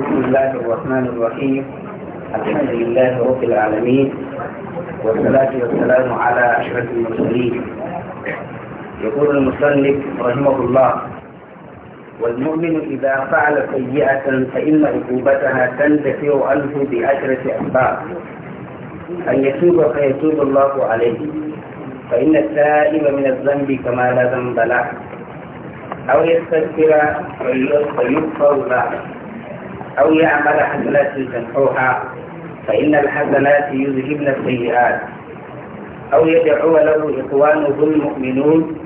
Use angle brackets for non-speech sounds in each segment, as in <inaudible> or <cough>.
بسم الله الرحمن الرحيم الحمد لله رب العالمين والصلاة والسلام على أشرف المرسلين يقول المصلي رحمه الله والمؤمن إذا فعل سيئة فإن عقوبتها تندفع عنه بأشرة أسباب أن يتوب فيتوب الله عليه فإن التائب من الذنب كما لا ذنب له أو يستغفر فيغفر له أو يعمل حسنات تمحوها فإن الحسنات يذهبن السيئات أو يدعو له إخوانه المؤمنون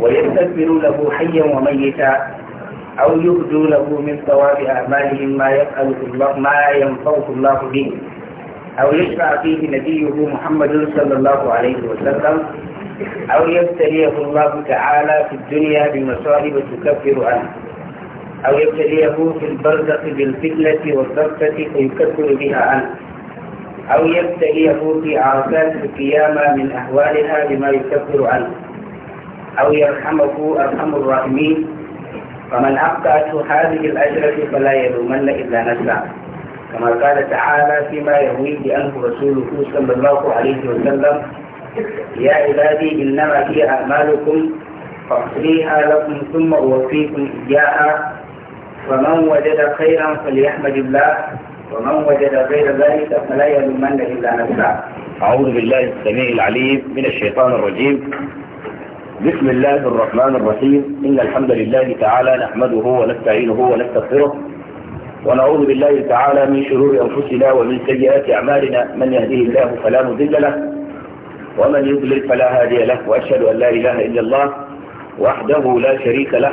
ويستكبر له حيا وميتا أو يبدو له من ثواب أعمالهم ما يفعله الله ما ينفعه الله به أو يشفع فيه نبيه محمد صلى الله عليه وسلم أو يبتليه الله تعالى في الدنيا بمصائب تكفر عنه أو يبتليه في البرزخ بالفتنة والزفتة فيكفر بها عنه أو يبتليه في عرفات القيامة من أهوالها بما يكفر عنه أو يرحمه أرحم الراحمين فمن أقطعته هذه الأجرة فلا يلومن إلا نفسه كما قال تعالى فيما يرويه عنه رسوله صلى الله عليه وسلم يا عبادي إنما هي أعمالكم فاصليها لكم ثم أوفيكم إياها ومن وجد خيرا فليحمد الله ومن وجد غير ذلك فلا يلومن الا نفسه. اعوذ بالله السميع العليم من الشيطان الرجيم. بسم الله الرحمن الرحيم ان الحمد لله تعالى نحمده ونستعينه ونستغفره ونعوذ بالله تعالى من شرور انفسنا ومن سيئات اعمالنا من يهده الله فلا مضل له ومن يضلل فلا هادي له واشهد ان لا اله الا الله وحده لا شريك له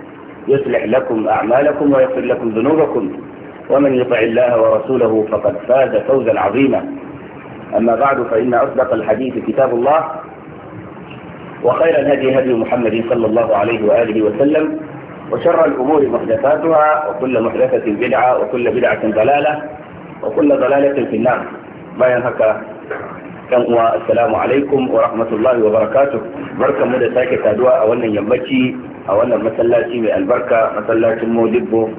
يصلح لكم أعمالكم ويغفر لكم ذنوبكم ومن يطع الله ورسوله فقد فاز فوزا عظيما أما بعد فإن أصدق الحديث كتاب الله وخير الهدي هدي محمد صلى الله عليه وآله وسلم وشر الأمور محدثاتها وكل محدثة بدعة وكل بدعة ضلالة وكل ضلالة في النار ما ينهك kan uwa assalamu alaikum wa rahmatullahi wa barakatuh barkan mu da sake a wannan masallaci mai albarka masallacin modibbo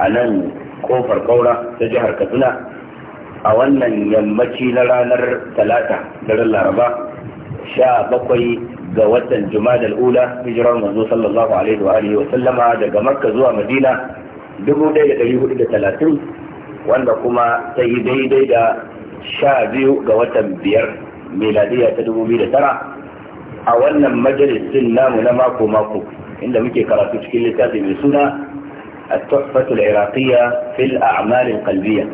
a nan kofar kaura ta jihar katsina a wannan yammaci na ranar talata daren laraba sha bakwai ga watan jumada al'ula hijirar manzo sallallahu alaihi wa alihi wa sallama daga makka zuwa madina talatin, wanda kuma ta yi daidai da sha biyu ga watan biyar meladiya ta tara. a wannan majalisin namu na mako-mako عند muke karatu تشكيل littafi من سنة التحفة العراقية في الأعمال القلبية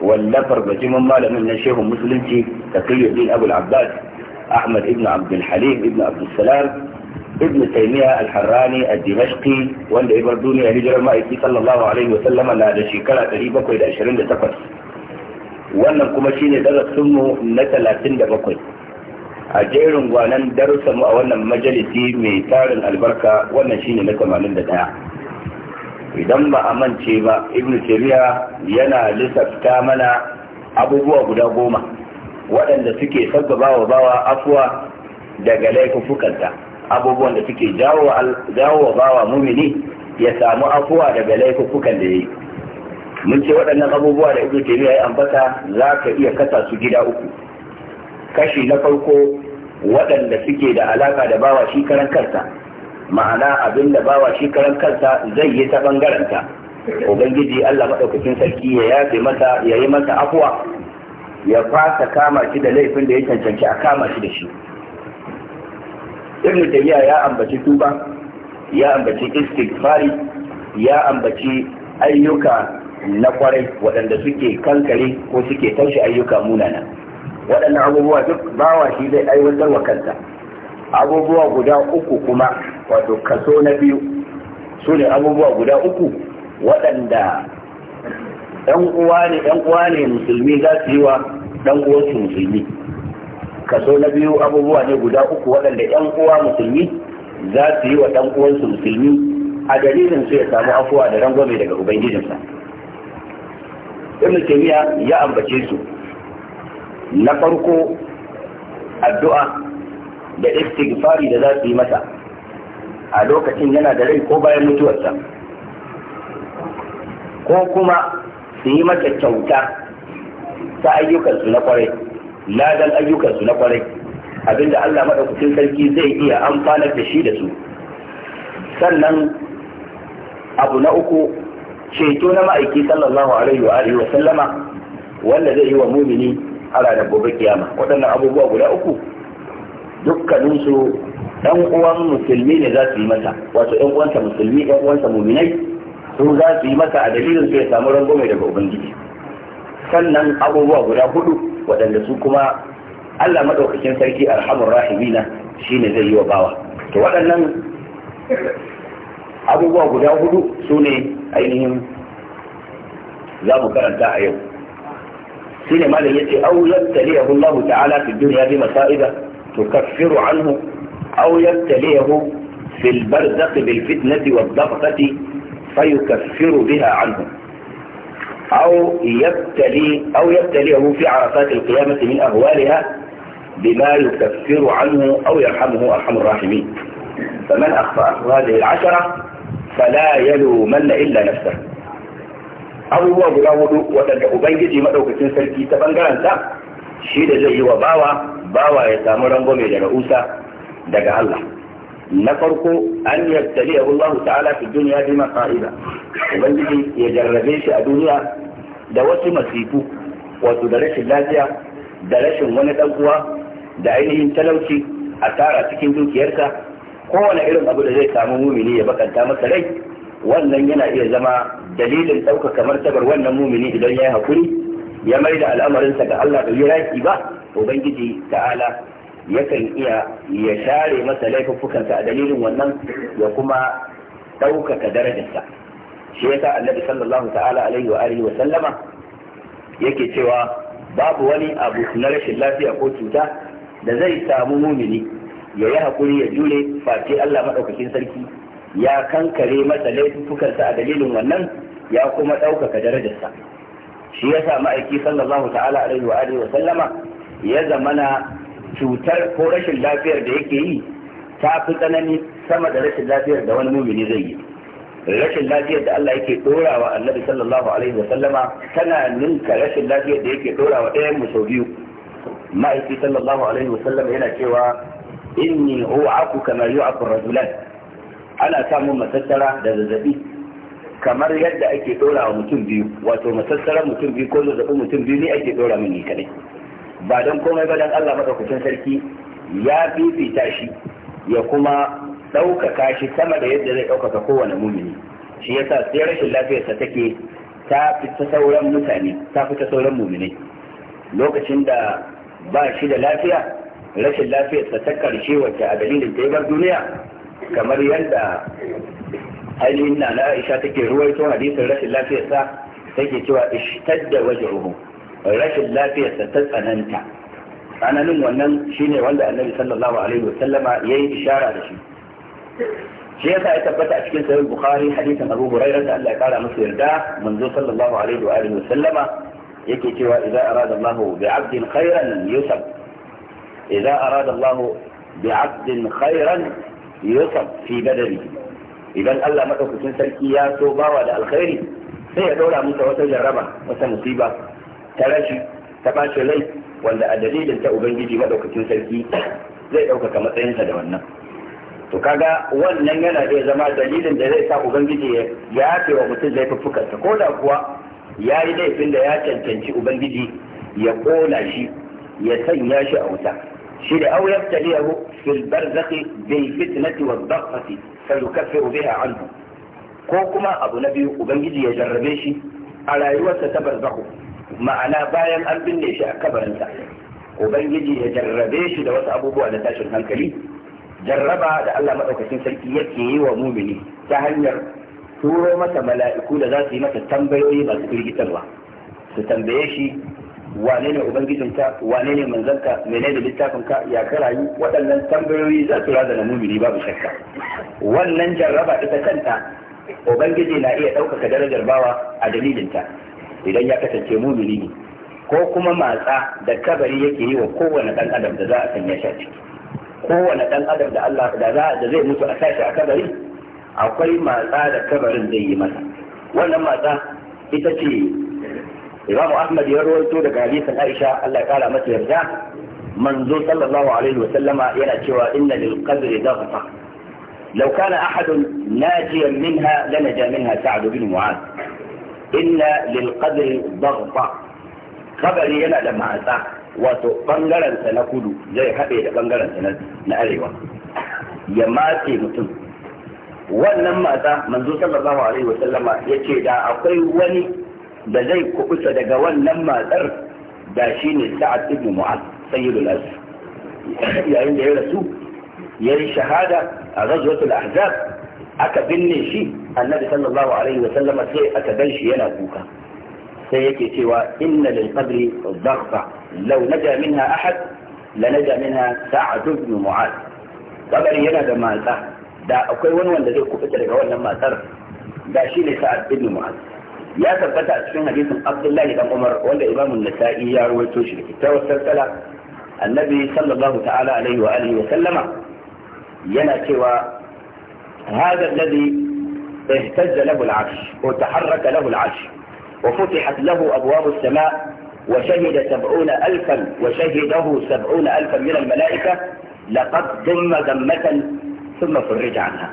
واللفر بجمم من الشيخ المسلم تقي الدين أبو العباس أحمد ابن عبد الحليم ابن عبد السلام ابن تيمية الحراني الدمشقي والإبردوني بردوني هجر المائكي صلى الله عليه وسلم أنا هذا شكرا تريبك إلى 20 تفر wannan شيني shine darasinmu نتلاتين 37 a jerin gwanan darussa mu a wannan majalisi mai tarin albarka wannan shine na 81 idan ba a mance ba ibn taymiya yana lissafta mana abubuwa guda goma waɗanda suke sabbaba wa bawa afuwa daga laifukanta abubuwan da suke jawo wa bawa mumini ya samu afuwa daga laifukan da ya yi mun ce waɗannan abubuwa da ibn taymiya ya ambata za ka iya kasa su gida uku kashi na farko waɗanda suke da alaka da bawa shi karan kansa ma'ana abin da bawa shi karan kansa zai yi ta bangaranta ubangiji Allah maɗaukakin sarki ya yafe masa ya yi masa afuwa ya fasa kama shi da laifin da ya cancanci a kama shi da shi ibnu tayyiya ya ambaci tuba ya ambaci istighfari ya ambaci ayyuka na kwarai waɗanda suke kankare ko suke taushe ayyuka munana waɗannan abubuwa duk bawa shi zai aiwatar wa kansa abubuwa guda uku kuma wato kaso na biyu su ne abubuwa guda uku waɗanda ɗan uwa ne ɗan uwa ne musulmi za su yi wa ɗan uwansu musulmi kaso na biyu abubuwa ne guda uku waɗanda ɗan uwa musulmi za su yi wa ɗan uwansu musulmi a dalilin su ya samu afuwa da rangwame daga ubangijinsa ibn taymiya ya ambace su na farko addu'a da istighfari da za su yi masa a lokacin yana da rai ko bayan mutuwarsa ko kuma su yi mata kyauta ta ayyukansu na kwarai ladan ayyukansu na kwarai abinda Allah maɗaukacin sarki zai iya amfanar da shi da su sannan abu na uku ceto na ma'aiki sallallahu alaihi wa sallama wanda zai yi wa mumini a ranar gobe kiyama waɗannan abubuwa guda uku dukkaninsu ɗan uwan musulmi ne za su yi masa wato ɗan uwansa musulmi ɗan uwansa muminai su za su yi masa a dalilin su ya samu rangwame daga ubangiji sannan abubuwa guda hudu waɗanda su kuma Allah maɗaukakin sarki arhamur rahimina shine zai yi wa bawa to waɗannan abubuwa guda hudu su ne ainihin za mu karanta a yau shine ما yace يتي أو يبتليه الله تعالى في الدنيا masa'ida تكفر عنه أو يبتليه في البرزق بالفتنة والضغطة فيكفر بها عنه أو يبتلي أو يبتليه في عرفات القيامة من أهوالها بما يكفر عنه أو يرحمه أرحم الراحمين فمن أخطأ هذه العشرة فلا يلومن إلا نفسه abubuwa guda hudu waɗanda ubangiji maɗaukacin sarki ta bangaren sa shi da zai yi wa bawa bawa ya samu rangwame da ra'usa daga Allah na farko an yabtali Allah ta'ala fi duniya bi masaiba ubangiji ya jarrabe shi a duniya da wasu masifu wato da rashin lafiya da rashin wani dan uwa da ainihin talauci a tara cikin dukiyarsa, kowane irin abu da zai samu mumini ya bakanta masa rai wannan yana iya zama dalilin ɗaukaka martabar wannan mumini idan ya yi haƙuri ya mai da al'amarinsa ga Allah bai yi raki ba ubangiji ta'ala yakan iya ya share masa laifuffukansa a dalilin wannan ya kuma ɗaukaka darajarsa shi yasa annabi sallallahu ta'ala alaihi wa alihi wa sallama yake cewa babu wani abu na rashin lafiya ko cuta da zai samu mumini ya yi haƙuri ya jure face Allah maɗaukakin sarki ya kankare masa laifukansa a dalilin wannan ya kuma ɗaukaka darajarsa shi ya sa ma'aiki sallallahu ta'ala alaihi wa alihi wa sallama ya zamana cutar ko rashin lafiyar da yake yi ta fi tsanani sama da rashin lafiyar da wani mumini zai yi rashin lafiyar da Allah yake ɗorawa annabi sallallahu alaihi wa sallama tana ninka rashin lafiyar da yake ɗorawa ɗayan mu sau biyu ma'aiki sallallahu alaihi wa sallama yana cewa inni u'aku kamar yu'aku rajulan ana samun matattara da zazzabi kamar yadda ake dora wa mutum biyu wato matattara mutum biyu ko zazzabin mutum biyu ne ake dora mini kadai ba don komai ba don Allah madaukakin sarki ya fifita shi ya kuma ɗaukaka shi sama da yadda zai ɗaukaka kowane mumini shi yasa sai rashin lafiyarsa take ta fita sauran mutane ta fita sauran muminai lokacin da ba shi da lafiya rashin lafiyarsa ta karshe wacce a dalilin ta bar duniya kamar yadda ainihin na na Aisha take ruwaito hadisin rashin lafiyar sa take cewa waje wajhuhu rashin lafiyarsa ta tsananta tsananin wannan shine wanda Annabi sallallahu alaihi wasallama yayi ishara da shi shi yasa ya tabbata a cikin sahih bukhari hadisin abu hurairah da Allah ya kara masa yarda manzo sallallahu alaihi wa alihi wasallama yake cewa idza arada Allah bi 'abdin khairan yusab idza arada Allah bi 'abdin khairan yusuf fi badari idan Allah madaukakin sarki ya so bawa da alkhairi sai ya daura masa wata jarraba wata musiba ta rashi ta bacin rai wanda a dalilin ta ubangiji madaukakin sarki zai ɗaukaka matsayinsa da wannan to kaga wannan yana iya zama dalilin da zai sa ubangiji ya yafe wa mutum zai ta ko da kuwa ya yi laifin da ya cancanci ubangiji ya ƙona shi ya sanya shi a wuta shi da au yabtaliyahu في البرزخ بالفتنة والضغطة فيكفر بها عنه كوكما أبو نبي أبنجد يجربيشي على يوسى تبرزخه ma'ana bayan an binne shi a kabarinsa ubangiji ya jarrabe shi da wasu abubuwa da tashin hankali jarraba da Allah madaukakin sarki yake yi wa mumini ta hanyar turo masa mala'iku da za su yi masa tambayoyi masu firgitarwa su tambaye shi wane ne ubangijinka wane ne manzanka menene littafinka ya ka rayu waɗannan tambayoyi za su raza na mumini babu shakka wannan jarraba ita kanta ubangiji na iya ɗaukaka darajar bawa a dalilinta idan ya kasance mumini ne ko kuma matsa da kabari yake yi wa kowane ɗan adam da za a sanya shi a ciki kowane ɗan adam da Allah za da zai mutu a sashi a kabari akwai matsa da kabarin zai yi masa wannan matsa ita ce إمام أحمد يروي تود حديث عائشة الله تعالى متى يرجع منذ صلى الله عليه وسلم إلى شوى إن للقدر ضغطة لو كان أحد ناجيا منها لنجا منها سعد بن معاذ إن للقدر ضغطة خبري أنا لما أتى وتبنجر سنقول زي حبي تبنجر سند نأريه يماتي مثل ولما أتى منذ صلى الله عليه وسلم يشيد أقوي وني da zai kubuta daga wannan matsar da shi ne sa'ad ibn mu'az sayyidul azhar yayin da ya rasu ya shahada a ghazwatul ahzab aka binne shi annabi sallallahu alaihi wa sallam sai aka gan shi yana kuka sai yake cewa inna lil qabri dhaghfa law naja minha ahad la naja minha sa'ad ibn mu'az kabari yana da matsa da akwai wani wanda zai kubuta daga wannan matsar da shi ne sa'ad ibn mu'az ya tabbata a cikin hadisin abdullahi dan umar wanda imamun nasa'i ya rawaito shi da kyakkyawar salsala annabi sallallahu ta'ala alaihi wa alihi wa sallama yana cewa هذا الذي اهتز له العرش وتحرك له العرش وفتحت له أبواب السماء وشهد سبعون ألفا وشهده سبعون ألفا من الملائكة لقد ضم ذمة ثم فرج عنها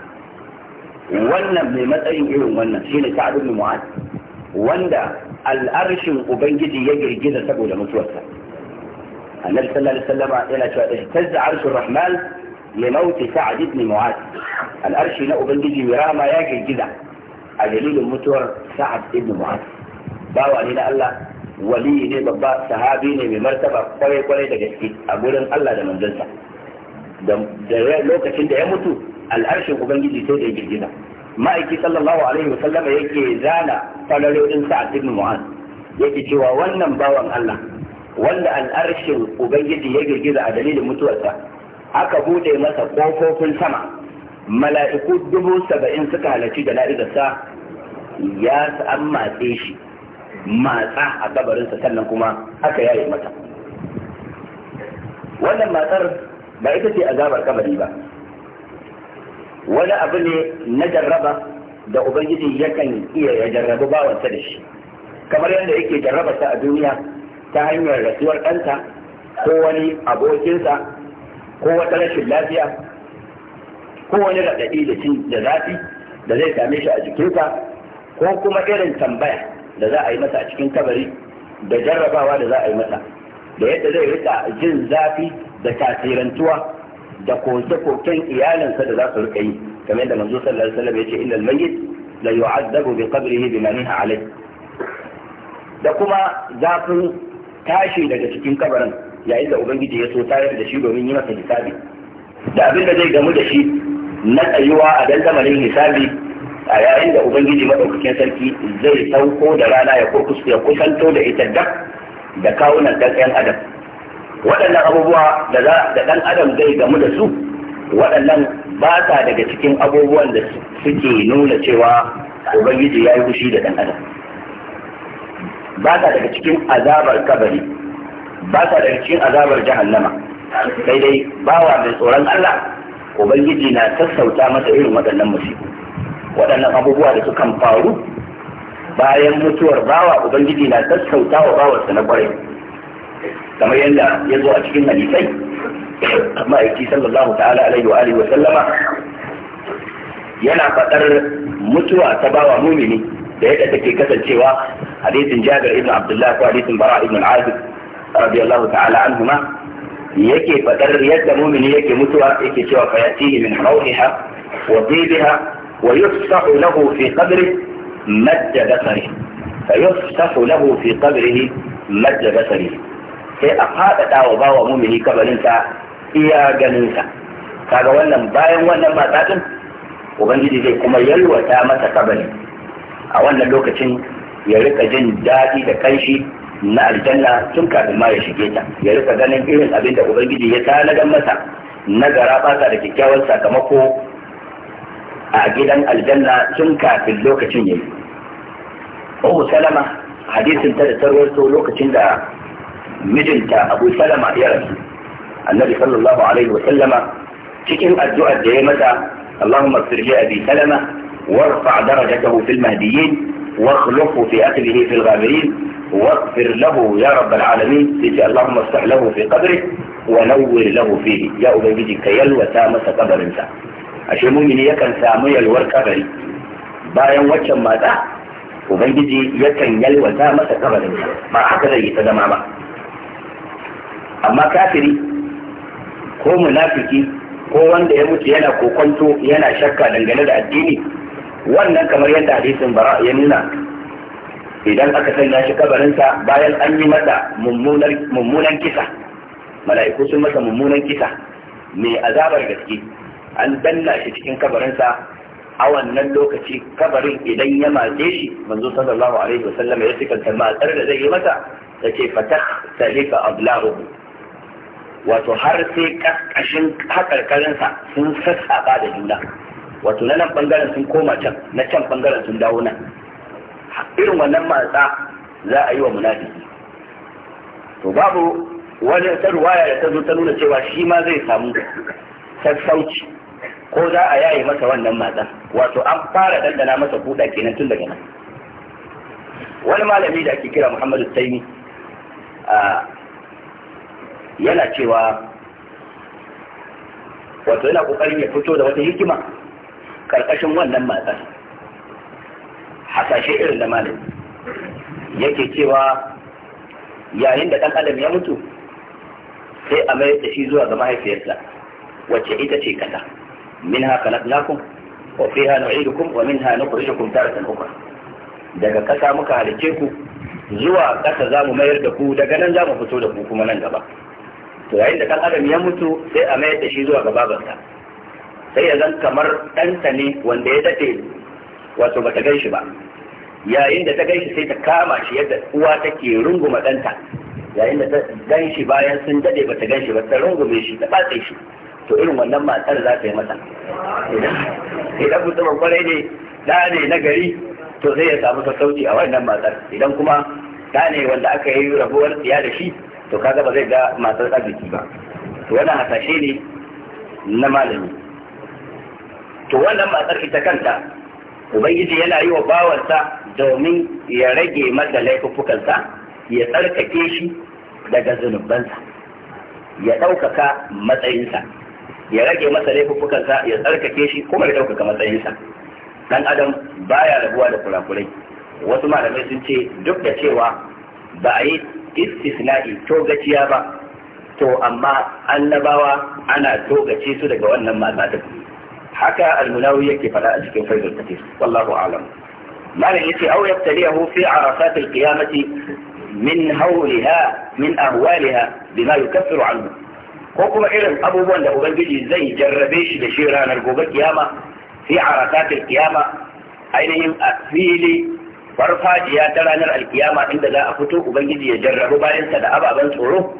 wannan mai matsayin irin wannan shine sa'ad ibn mu'adh wanda al'arshin ubangiji ya girgiza saboda mutuwarsa annabi sallallahu alaihi wasallam yana cewa ihtazza arshur rahman li mauti sa'd ibn mu'ad al'arshi na ubangiji mai rahama ya girgiza a dalilin mutuwar sa'ad ibn mu'ad bawa ne na Allah wali ne babba sahabi ne mai martaba kwarai kwarai da gaske a gurin Allah da manzansa da lokacin da ya mutu al'arshin ubangiji sai da ya girgiza ma'aiki sallallahu alaihi wasallam yake zana falarorin sa ibn mu'az yake cewa wannan bawan Allah wanda al'arshin ubangiji ya girgiza a dalilin mutuwarsa aka bude masa kofofin sama mala'iku dubu saba'in suka halarci da la'idarsa ya an matse shi matsa a kabarinsa sannan kuma aka yaye mata wannan matsar ba ita ce azabar kabari ba wani abu ne na jarraba da ubangiji yakan iya ya jarrabu bawansa da shi kamar yadda yake jarraba ta a duniya ta hanyar rasuwar ɗanta, ko wani abokinsa ko wata rashin lafiya ko wani raɗaɗi da cin da zafi da zai same shi a jikinsa ko kuma irin tambaya da za a yi masa a cikin kabari da jarrabawa da za a yi masa da yadda zai riƙa jin zafi da tasirantuwa da koke-koken iyalinsa da za su rika yi kamar da manzo sallallahu alaihi wasallam yace innal mayyit la yu'adzabu bi qabrihi bima minha alayh da kuma zafin tashi daga cikin kabarin yayin da ubangiji ya so tayar da shi domin yi masa hisabi da abin da zai gamu da shi na tsayuwa a dandamalin hisabi a yayin da ubangiji madaukakin sarki zai sauko da rana ya kusanto da ita dab da kawunan ɗan adam waɗannan abubuwa da ɗan adam zai gamu da su waɗannan ba sa daga cikin abubuwan da suke nuna cewa ubangiji ya yi fushi da ɗan adam ba sa daga cikin azabar kabari ba sa daga cikin azabar jahannama sai dai bawa mai tsoron Allah ubangiji na sassauta masa irin waɗannan musibu waɗannan abubuwa da sukan faru bayan mutuwar bawa ubangiji na sassauta wa bawarsa na ƙwarai. كما يزوء أتكين مليسي ما يكي صلى الله تعالى عليه وآله وسلم ينا فتر متوى تباوى مؤمني بيئة تكي كسل شواء حديث جابر ابن عبد الله وحديث براء ابن العازب رضي الله تعالى عنهما يكي فتر يد مؤمني يكي متوى يكي شواء فيأتيه من روحها وطيبها ويفسح له في قبره مد بصره فيفسح له في قبره مد بصره sai a ba wa bawa mumini kabarinsa iya ganinsa kaga wannan bayan wannan matsatsin ubangiji zai kuma yalwata masa kabari a wannan lokacin ya rika jin daɗi da kanshi na aljanna tun kafin ma ya shige ta ya rika ganin irin abin da ubangiji ya tanadar masa na gara da kyakkyawan sakamako a gidan aljanna tun kafin lokacin yayi Ummu Salama hadisin ta da tarwato lokacin da mijinta abu salama ya rasu annabi sallallahu alaihi wa sallama cikin addu'ar da ya mata Allahumma sirri abi salama warfa darajatahu fil mahdiyyin واخلفه في أكله في الغابرين واغفر له يا رب العالمين اللهم افتح له في قبره ونور له فيه يا أبيدي كيل وسامس قبر انسا أشي يكن سامي الور قبري bayan waccan mata ubangiji yakan yalwata masa kabarin ba haka zai yi ta zama ba amma kafiri ko munafiki ko wanda ya mutu yana kokonto yana shakka dangane da addini wannan kamar yadda hadisin bara ya nuna idan aka sanya shi kabarinsa bayan an yi masa mummunan kisa mala'iku sun masa mummunan kisa mai azabar gaske an danna shi cikin kabarinsa a wannan lokaci kabarin idan ya matse shi manzo sallallahu alaihi wasallam ya sikanta matsar da zai yi mata ta ce fatah salifa ablahu wato har sai ƙasƙashin haƙarƙarinsa sun sassaɓa da juna wato na nan ɓangaren sun koma can na can ɓangaren sun dawo nan irin wannan matsa za a yi wa munafiki to babu wani ta ruwaya da ta zo ta nuna cewa shi ma zai samu sassauci ko za a yayi masa wannan matsa wato an fara dandana masa kuɗa kenan tun daga nan wani malami da ake kira muhammadu taimi a yana cewa wato yana kokarin ya fito da wata hikima karkashin wannan matsar hasashe irin da malami yake cewa yayin da ɗan adam ya mutu sai a mayar da shi zuwa ga mahaifiyarsa wacce ita ce kasa min haka naknakum wa fiha nu'idukum wa min minha nukhrijukum tara ukhra daga kasa muka halice ku zuwa kasa mu mayar da ku daga nan za mu fito da ku kuma nan gaba to yayin da ɗan adam ya mutu sai a mayar da shi zuwa ga babansa sai ya zan kamar ɗansa ne wanda ya daɗe wato bata gan shi ba yayin da ta gan shi sai ta kama shi yadda uwa take runguma ɗanta yayin da ta gan shi bayan sun daɗe bata gan shi ba ta rungume shi ta batse shi to irin wannan matar za ta yi mata idan mutumin kwarai ne da ne na gari to sai ya samu sassauci a wannan matar idan kuma da ne wanda aka yi rabuwar tsiya da shi to kaga ba zai ga matar arziki ba to wannan hasashe ne na malami to wannan matar ita kanta ubangiji yana yi wa bawansa domin ya rage masa laifuffukansa ya tsarkake shi daga zunubansa ya ɗaukaka matsayinsa ya rage masa laifuffukansa ya tsarkake shi kuma ya ɗaukaka matsayinsa dan adam baya rabuwa da kurakurai wasu malamai sun ce duk da cewa ba a yi istisna'i togaciya ba to amma annabawa ana togace su daga wannan mazaɗin haka almunawi yake faɗa a cikin faizul kafir wallahu alam malam yace aw yabtaliyahu fi arafat alqiyamati min hawliha min ahwaliha bima yukaffiru anhu ko kuma irin abubuwan da ubangiji zai jarrabe shi da shi ranar gobe kiyama fi arafat alqiyama ainihin a fili farfajiya ta ranar alkiyama inda za a fito ubangiji ya jarrabu bayansa da ababen tsoro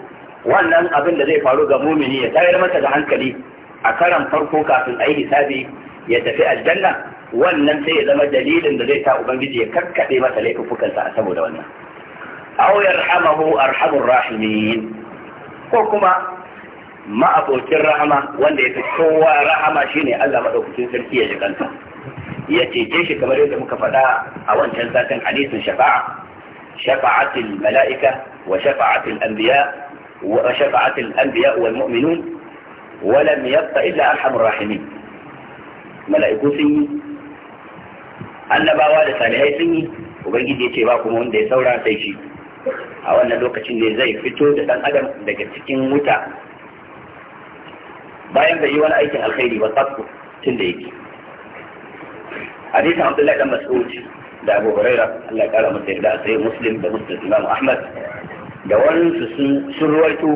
wannan abin da zai faru ga mumini ya tayar masa da hankali a karan farko kafin a yi hisabi ya tafi aljanna wannan sai ya zama dalilin da zai ta ubangiji ya karkade masa laifukansa a saboda wannan aw yarhamahu arhamur rahimin ko kuma ma'abocin rahama wanda ya fi kowa rahama shine Allah madaukakin sarki ya ji ya cece shi kamar yadda muka faɗa a wancan satin hadisin shafa'a shafa'atul mala'ika wa shafa'atul anbiya wa shafa'atul anbiya wal mu'minun wa lam yabqa illa arhamur rahimin mala'iku sun yi annabawa da salihai sun yi ubangiji ya ce ba kuma wanda ya saura sai shi a wannan lokacin ne zai fito da dan adam daga cikin wuta bayan bai yi wani aikin alkhairi ba tsakku tun da yake hadisin abdullahi dan mas'ud da abu huraira Allah ya kara masa yarda sai muslim da muslim imam ahmad da wani sun ruwaito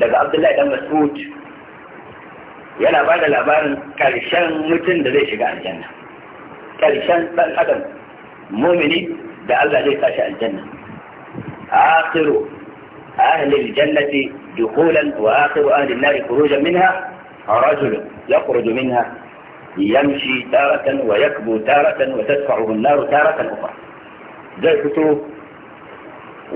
daga abdullahi dan mas'ud yana ba da labarin karshen mutum da zai shiga aljanna karshen dan adam mumini da Allah zai tashi aljanna akhiru ahli aljannati dukhulan wa akhiru ahli an-nar khurujan minha rajul yakhruju minha yamshi taratan wa yakbu taratan wa tadfa'uhu an-nar taratan ukhra zai fito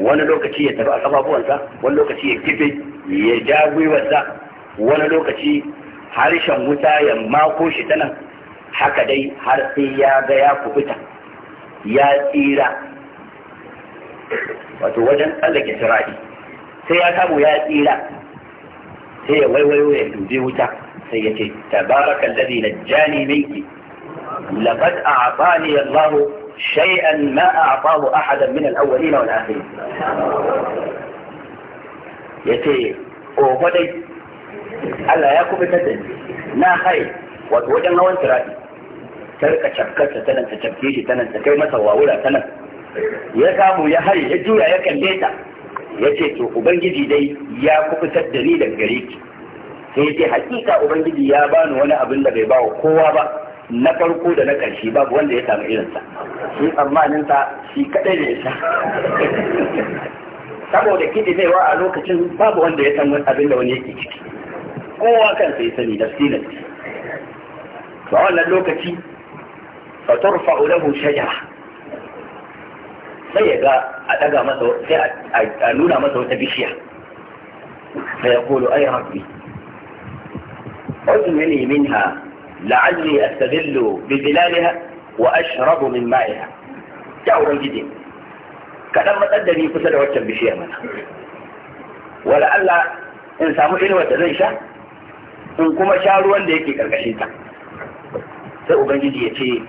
wani lokaci ya taba kafafuwansa wani lokaci ya kife ya ja gwiwarsa wani lokaci harshen wuta ya mako shi ta nan haka dai har sai ya ga ya kubuta ya tsira wato wajen tsallake sirari sai ya samu ya tsira sai ya waiwayo ya dube wuta سيتي تبارك الذي نجاني منك لقد أعطاني الله شيئا ما أعطاه أحدا من الأولين والآخرين يتي أوفدي ألا يكو بكتن نا خير وتوجن نوان ترائي ترك شكت تنن تشبكيش تنن تكيما سواولا تنن يكامو يهري يجو يا يكن ديتا يتي تو أبنجي دي يا كو بكتن دنيدا قريكي sai ce hakika ubangiji ya bani wani abin da bai ba wa kowa ba na farko da na ƙarshe babu wanda ya samu irinsa shi tsammanin sa shi kadai ne sa <laughs> saboda wa a lokacin babu wanda ya san abin da wani yake ciki kowa kansa ya sani da sinan a wannan lokaci fa turfa lahu shajara sai ya ga a daga masa sai a nuna masa wata bishiya sai ya kolo ai rabbi خذ مني منها لعلي أستذل بظلالها وأشرب من مائها جاورا جدا كلام متدني كسد وجه بشيء منها ولعل إن سامو إلوة زي شا إن كما شاروا ليكي كالكشيطة سأبن جدي يتي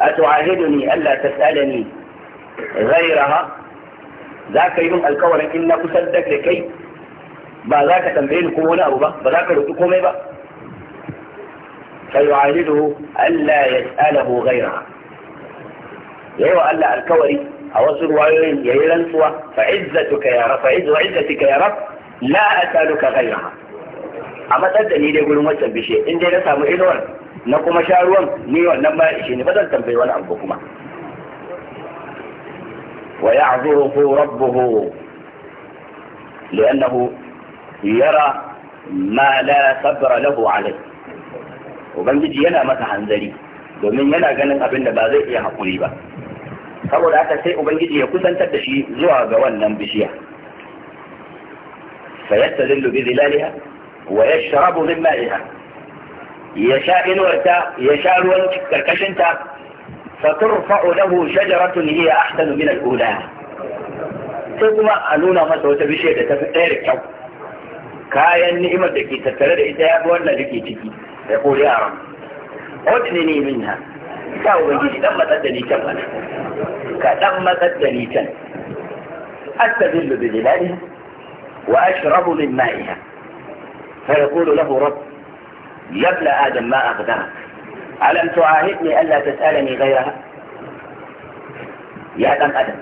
أتعاهدني ألا تسألني غيرها ذاك يوم الكورن إن كسدك لكي ba za ka tambaye ni kuma wani abu ba ba za ka roƙi komai ba fayu'alidu Allah ya tsalahu ghaira yayi wa Allah alkawari a wasu ruwayoyin yayi rantsuwa fa izzatuka ya rab fa izzu izzatika ya rab la ataluka ghairaha a matsar da ni dai gurin wancan bishe in dai na samu inuwar na kuma sha ruwan ni wannan ba ishe ni ba zan tambayi wani abu kuma wa ya'zuruhu rabbuhu li'annahu يرى ما la sabra lahu alai ubangiji yana masa hanzari domin yana ganin abin da ba zai iya hakuri ba saboda haka sai ubangiji ya kusantar da shi zuwa ga wannan bishiya fayastadillu bi zilaliha wa yashrabu min ma'iha ya sha inuwarta ya sha ruwan karkashinta fa turfa'u lahu shajaratun hiya ahsanu min al-ula sai kuma a nuna masa wata bishiya da ta fi tsayar kyau kayan ni'imar da ke tattare da ita yafi wannan da ke ciki ya kori a ran odini ne min ha ta ubangiji dan matsar da ni mana ka dan matsar da ni can astazillu bi jilali wa ashrabu min ma'iha fa ya yaqulu lahu rabb yabla adam ma aqdarak alam tu'ahidni alla tas'alani ghayraha ya dan adam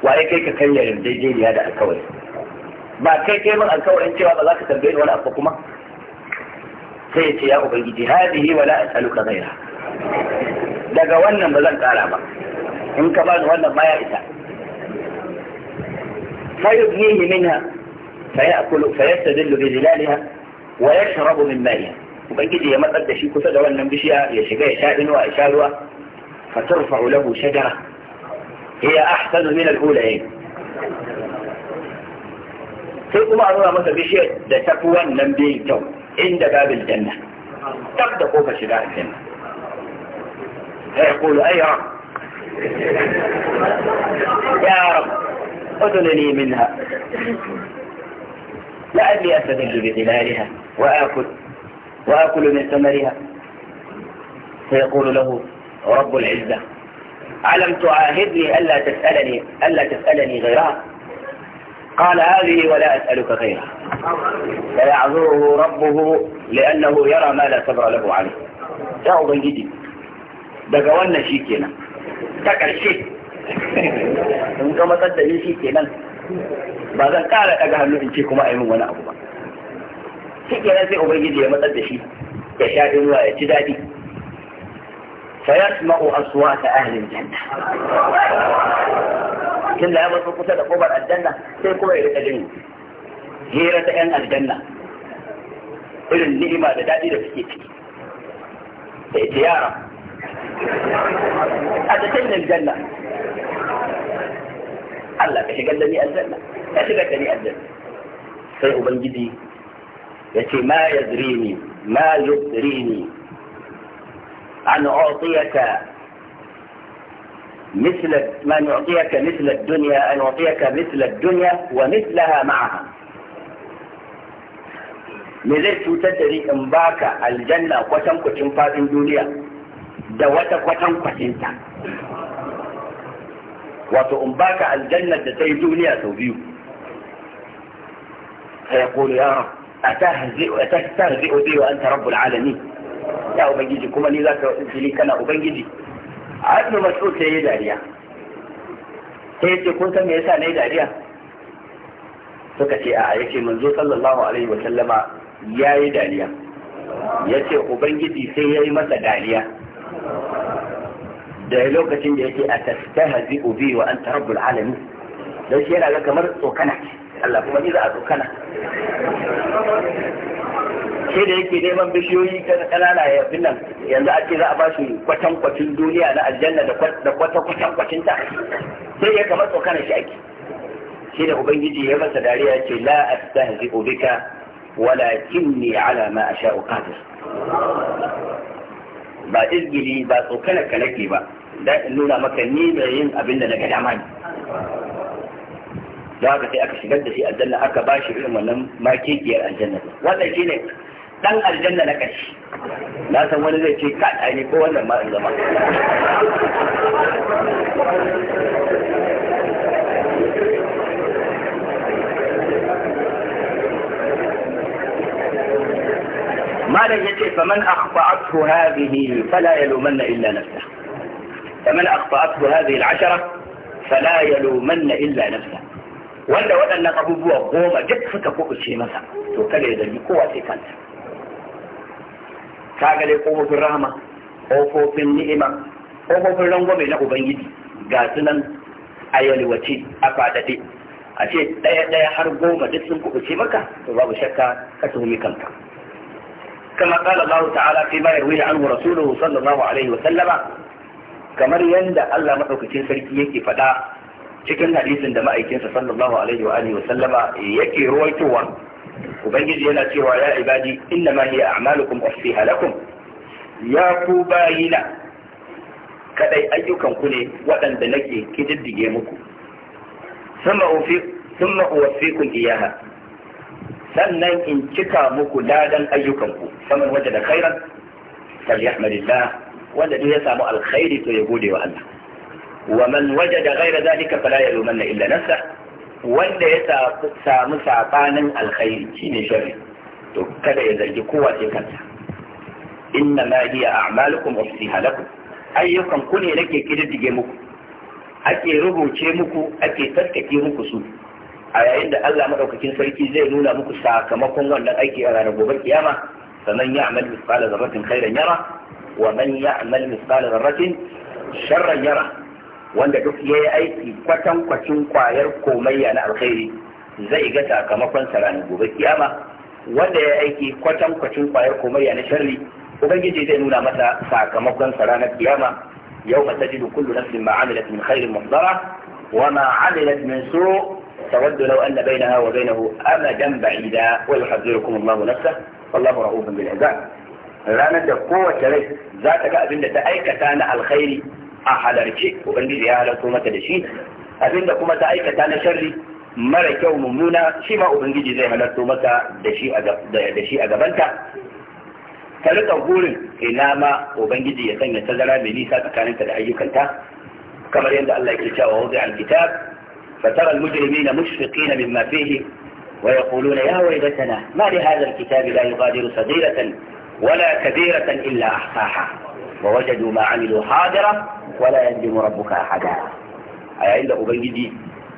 wa yake ka kai yarda daidai da alkawari ba kai kai mun alƙawarin cewa ba za ka tambaye ni wani abu kuma sai ya ce ya ubangiji hadihi wala as'aluka ghaira daga wannan ba zan kara ba in ka bani wannan baya ita ma minha isa فيبنيه منها فيأكل فيستدل بظلالها ويشرب من مائها وبنجي يا مقد شي كوسا da wannan bishiya ya shiga ya sha inuwa ya sha ruwa fatarfa lahu shajara hiya ahsanu min al ulai sai kuma a nuna masa bishiyar da ta fi wannan biyan kyau inda babin janna tab da kofa shiga a aljanna sai kulu ai ya ya rab min ha la'alli astadillu bi dhilaliha wa akul wa akulu min samariha سيقول له رب العزة ألم تعاهدني ألا تسألني ألا تسألني غيرها قال هذه ولا أسألك غيرها فيعذره ربه لأنه يرى ما لا صبر له عليه تعوضا جدي دقوانا شي كينا تكر شي ثم تدى لي شي كينا بعد قال أجهل لهم فيكم أي من ونأبوا شي كينا سيء بيجدي ما تدى شي يشاهدون ويتداتي فيسمع أصوات أهل الجنة كل هذا الفقوسة قبر الجنة تقوى إلى الجنة هيرة أن الجنة إلى النعمة لدادي لفتيك تيارة أتتن الجنة الله كشكلني الجنة كشكلني الجنة فيقبل جدي يتي ما يدريني ما يدريني أن أعطيك مثل من يعطيك مثل الدنيا أن أعطيك مثل الدنيا ومثلها معها لذلك تتري إنباك الجنة قتم قتم الدنيا دوليا دوات قتم قتم تا الجنة تتري دوليا توبيو فيقول يا رب أتهزئ أتستهزئ بي وأنت رب العالمين ya ubangiji kuma ni zaka wasu fili kana ubangiji a ibn mas'ud sai ya dariya sai ya ce kun san me yasa na yi dariya suka ce a yace manzo sallallahu alaihi wa sallama yayi dariya yace ubangiji sai yayi masa dariya da lokacin da yake a tastahzi bi wa anta rabbul alamin dan shi yana ga kamar tsokana Allah kuma ni za a tsokana rake da yake neman bishiyoyi kanana ya fi nan yanzu a ce za a ba shi kwatankwacin duniya na aljanna da kwatankwacin ta sai ya kamar tsokanar shi ake shi da ubangiji ya masa dariya ce la astahzi'u bika walakinni ala ma asha'u qadir ba izgili ba tsokana ka nake ba da in nuna maka ni mai yin abin da daga dama ne da haka sai aka shigar da shi aljanna aka ba shi irin wannan makekiyar aljanna wannan ne. dan aljanna na kashi na san wani zai ce ka tsaye ko wannan ma in zama malam yace faman akhfa'athu hadhihi fala yalumanna illa nafsahu faman akhfa'athu hadhihi al'ashara fala yalumanna illa nafsa wanda wadannan abubuwa goma duk suka kuɓuce masa to kada ya zargi kowa sai kanta ka ga dai kofofin rahama kofofin ni'ima kofofin rangwame na ubangiji ga sunan a yalwace a fadade a ce ɗaya ɗaya har goma duk sun kuɓuce maka to babu shakka ka tuhumi kanka كما قال الله تعالى فيما يرويه عنه رسوله صلى الله عليه وسلم kamar yanda Allah madaukakin sarki yake faɗa cikin hadisin da ma'aikinsa sallallahu alaihi wa alihi wa sallama yake ruwaitowa ubangiji yana cewa ya ibadi inna ma hiya a'malukum asfiha lakum ya ku bayina kadai ayyukan ku ne waɗanda nake kididdige muku thumma ufi thumma uwaffikum iyaha sannan in cika muku ladan ayyukan ku faman wajada khairan falyahmadillah wanda duk ya samu alkhairi to ya gode wa Allah wa man wajada ghaira zalika fala yalumanna illa nafsahu wanda ya samu sabanin alkhairi shine sharri to kada ya zargi kowa sai kansa inna ma hiya a'malukum ufsiha lakum ayyukan ku ne nake kididdige muku ake rubuce muku ake taskake muku su a yayin da Allah madaukakin sarki zai nuna muku sakamakon wannan aiki a ranar gobe kiyama sannan ya amal misqala zarratin khairan yara wa man ya amal misqala zarratin sharran yara wanda duk ya yi aiki kwatankwacin kwayar komayya na alkhairi zai ga sakamakon sa ranar gobe kiyama wanda ya yi aiki kwatankwacin kwayar komayya na sharri ubangiji zai nuna masa sakamakon sa ranar kiyama yawma tajidu kullu nafsin ma amilat min khairin muhdara wa ma amilat min su' تود لو أن بينها وبينه أمدا بعيدا ويحذركم الله نفسه والله رؤوف بالعباد ranar da kowace rai za ta ga abin da ta aikata na alkhairi a halarce ubangiji ya halarto mata da shi abinda kuma ta aikata na sharri mara kyau mummuna shi ma ubangiji zai halarto mata da shi a gabanta ta rika gurin ina ma ubangiji ya sanya tazara mai nisa tsakaninta da ayyukanta kamar yadda Allah yake cewa wa al-kitab fatara al-mujrimina mushfiqina mimma fihi ويقولون يا ويلتنا ما لهذا الكتاب لا يغادر صغيرة ولا كبيرة إلا أحصاها ووجدوا ما عملوا حاضرا ولا يندم ربك أحدا أي عند أبيدي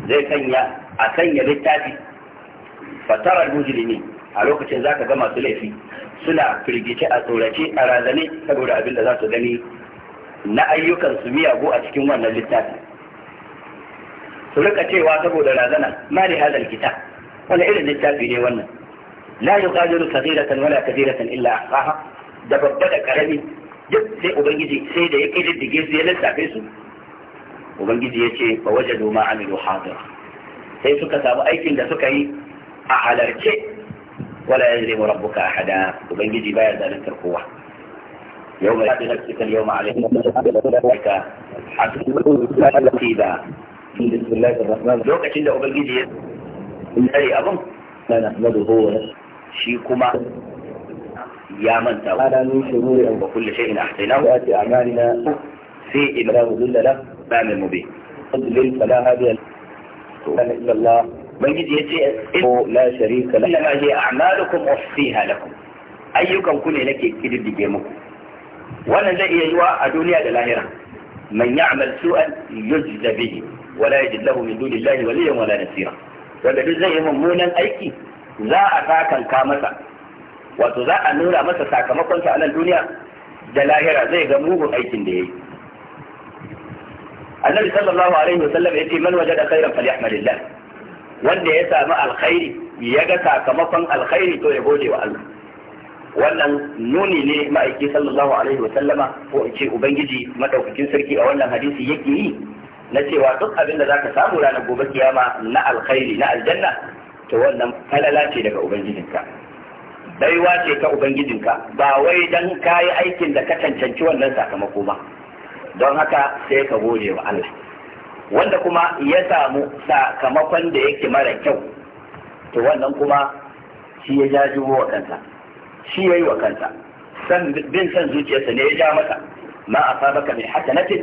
زي سنيا أسنيا بالتاتي فترى المجرمين a lokacin za ka ga masu laifi suna firgice a tsorace a razane saboda abin da za su gani na ayyukan su miyagu a cikin wannan littafi su rika cewa saboda razana ma da hadal kita wani irin littafi ne wannan la yuqadiru sadiratan wala kadiratan illa ahsaha da babba da karami duk sai ubangiji sai da ya kididdige su ya lissafe su ubangiji ya ce fa wajadu a amilu hadir sai suka samu aikin da suka yi a halarce wala yazlimu rabbuka ahada ubangiji baya zaluntar kowa يوم يأتي نفسك اليوم عليك حسب الكتيبة بسم الله الرحمن لو كتشين ده أبل جيجي الذي أبم ya manta wa ana min shururi an kullu shay'in ahsaynahu wa ati a'malina fi ibrahu dillalah ba'al mubin adlil fala hadiya kana illa Allah bangiji yace la sharika la ma hiya a'malukum usiha lakum ayyukan ku ne nake kididdige muku wannan zai iya yiwa a duniya da lahira man ya'mal su'an yujza bihi wala yajid lahu min dunillahi waliyyan wala nasira wanda duk zai yi mummunan aiki za a sakanka masa wato za a nuna masa sakamakon sa a nan duniya da lahira zai ga mugun aikin da yayi annabi sallallahu alaihi wasallam yace man wajada khairan falyahmadillah wanda ya samu alkhairi ya ga sakamakon alkhairi to ya gode wa Allah wannan nuni ne ma'aiki sallallahu alaihi wa sallama ko in ce ubangiji madaukakin sarki a wannan hadisi yake yi na cewa duk abin da zaka samu ranar gobe kiyama na alkhairi na aljanna to wannan falala ce daga ubangijinka baiwa ce ta ubangijinka ba wai dan kayi aikin da ka cancanci wannan sakamako ba don haka sai ka gode wa Allah wanda kuma ya samu sakamakon da yake mara kyau to wannan kuma shi ya jajibo wa kanta, shi yayi wa kanta, san bin san zuciyarsa ne ya ja masa ma asabaka min hasanatin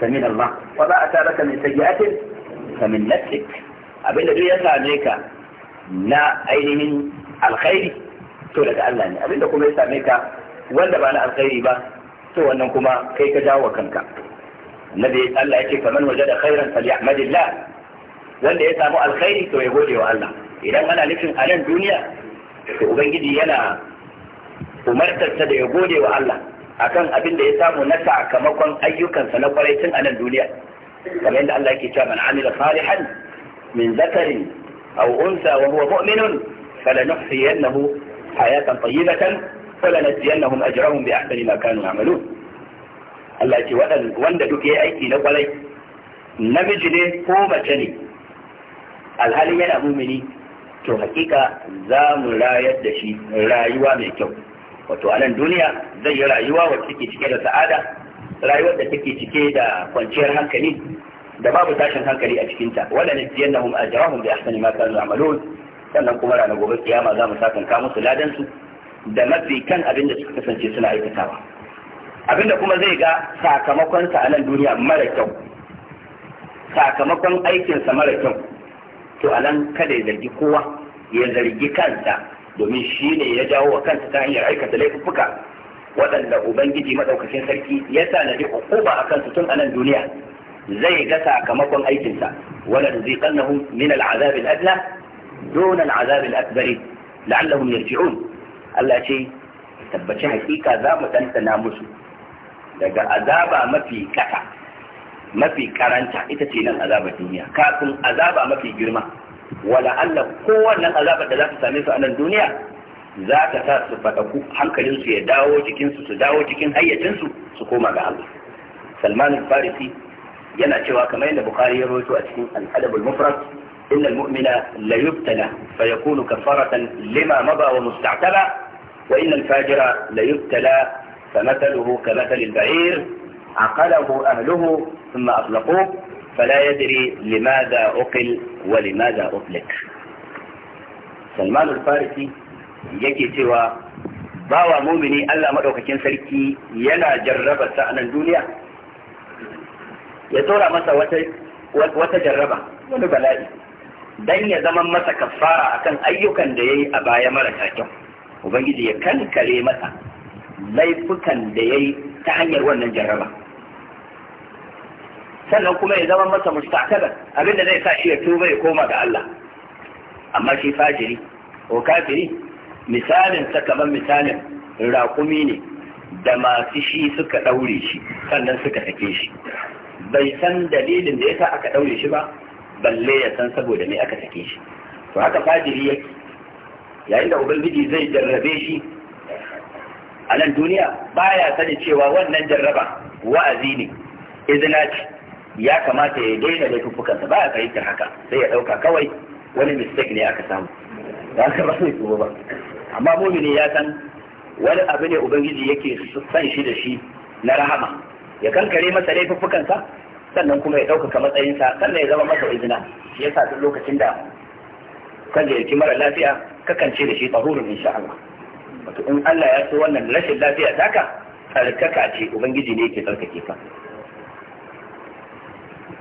fa min Allah wa ma asabaka min sayyi'atin fa min nafsik abinda duk ya same ka na ainihin alkhairi to daga Allah ne abinda kuma ya same ka wanda ba na alkhairi ba to wannan kuma kai ka jawo kanka nabi Allah yake faman wajada khairan falyahmadillah wanda ya samu alkhairi to ya gode wa Allah idan ana nufin a nan duniya to ubangiji yana umartarsa da ya gode wa Allah akan abin da ya samu na sakamakon ayyukansa na kwarai tun a nan duniya kamar yadda Allah yake cewa man amila salihan min zakarin aw unsa wa huwa mu'minun falanuhyiyannahu hayatan tayyibatan falanajziyannahum ajrahum bi ahsani ma kanu ya'malun Allah ya ce wanda duk aiki na kwarai namiji ne ko mace ne alhalin yana mumini to hakika za mu rayar da shi rayuwa mai kyau wato a duniya zai yi rayuwa wacce take da sa'ada rayuwar da take da kwanciyar hankali da babu tashin hankali a cikinta wala a sannan kuma ranar gobe kiyama za mu sakanka musu ladan su da mafi kan abin da suka kasance suna aikatawa abin da kuma zai ga sakamakonsa a nan duniya mara kyau sakamakon aikinsa mara kyau to a nan kada ya zargi kowa ya zargi kansa domin shi ne ya jawo wa kansa ta hanyar aikata laifuffuka waɗanda ubangiji maɗaukacin sarki ya tanadi hukuma a kansu tun a nan duniya zai ga sakamakon aikinsa wanda zai kannahu min al'azabil adla دون العذاب الأكبر لعلهم يرجعون Allah ce tabbaci hakika za mu ɗantana musu daga azaba mafi kasa mafi karanta ita ce nan azabar duniya kafin azaba mafi girma wala Allah kowannan azabar da za ta same su a nan duniya za ta sa su faɗaku hankalinsu ya dawo jikinsu su dawo cikin hayyacinsu su koma ga Allah Salman farisi yana cewa kamar yadda Bukhari ya rawaito a cikin al-Adab mufrad إن المؤمن ليبتلى فيكون كفارة لما مضى ومستعتبى وإن الفاجر ليبتلى فمثله كمثل البعير عقله أهله ثم أطلقوه فلا يدري لماذا أقل ولماذا أطلق سلمان الفارسي يكي سوى باوى مؤمني ألا مدوك sarki yana jarraba sa الدنيا duniya ya tsora وتجربة wata dan ya zama masa kafara akan ayyukan da yayi a baya marasa kyau ubangiji ya kankare masa laifukan da yayi ta hanyar wannan jarraba sannan kuma ya zama masa mustaqalan abin da zai sa shi ya tuba ya koma ga Allah amma shi fajiri ko kafiri misalin sa kamar misalin raƙumi ne da masu shi suka ɗaure shi sannan suka sake shi bai san dalilin da yasa aka ɗaure shi ba balle ya san saboda me aka sake shi to haka fajiri yake yayin da ubangiji zai jarrabe shi a nan duniya baya sani cewa wannan jarraba wa'azi ne izina ce ya kamata ya daina da ba baya fahimtar haka sai ya ɗauka kawai wani mistake ne aka samu ba haka ba zai ba amma mumini ya san wani abu ne ubangiji yake son shi da shi na rahama ya kankare masa laifuffukansa sannan kuma ya ɗaukaka matsayinsa sannan ya zama masa izina shi ya sa duk lokacin da kan ziyarci mara lafiya kakan ce da shi tsarurin insha Allah wato in Allah ya so wannan rashin lafiya taka tsarkaka ce ubangiji ne yake tsarkake ka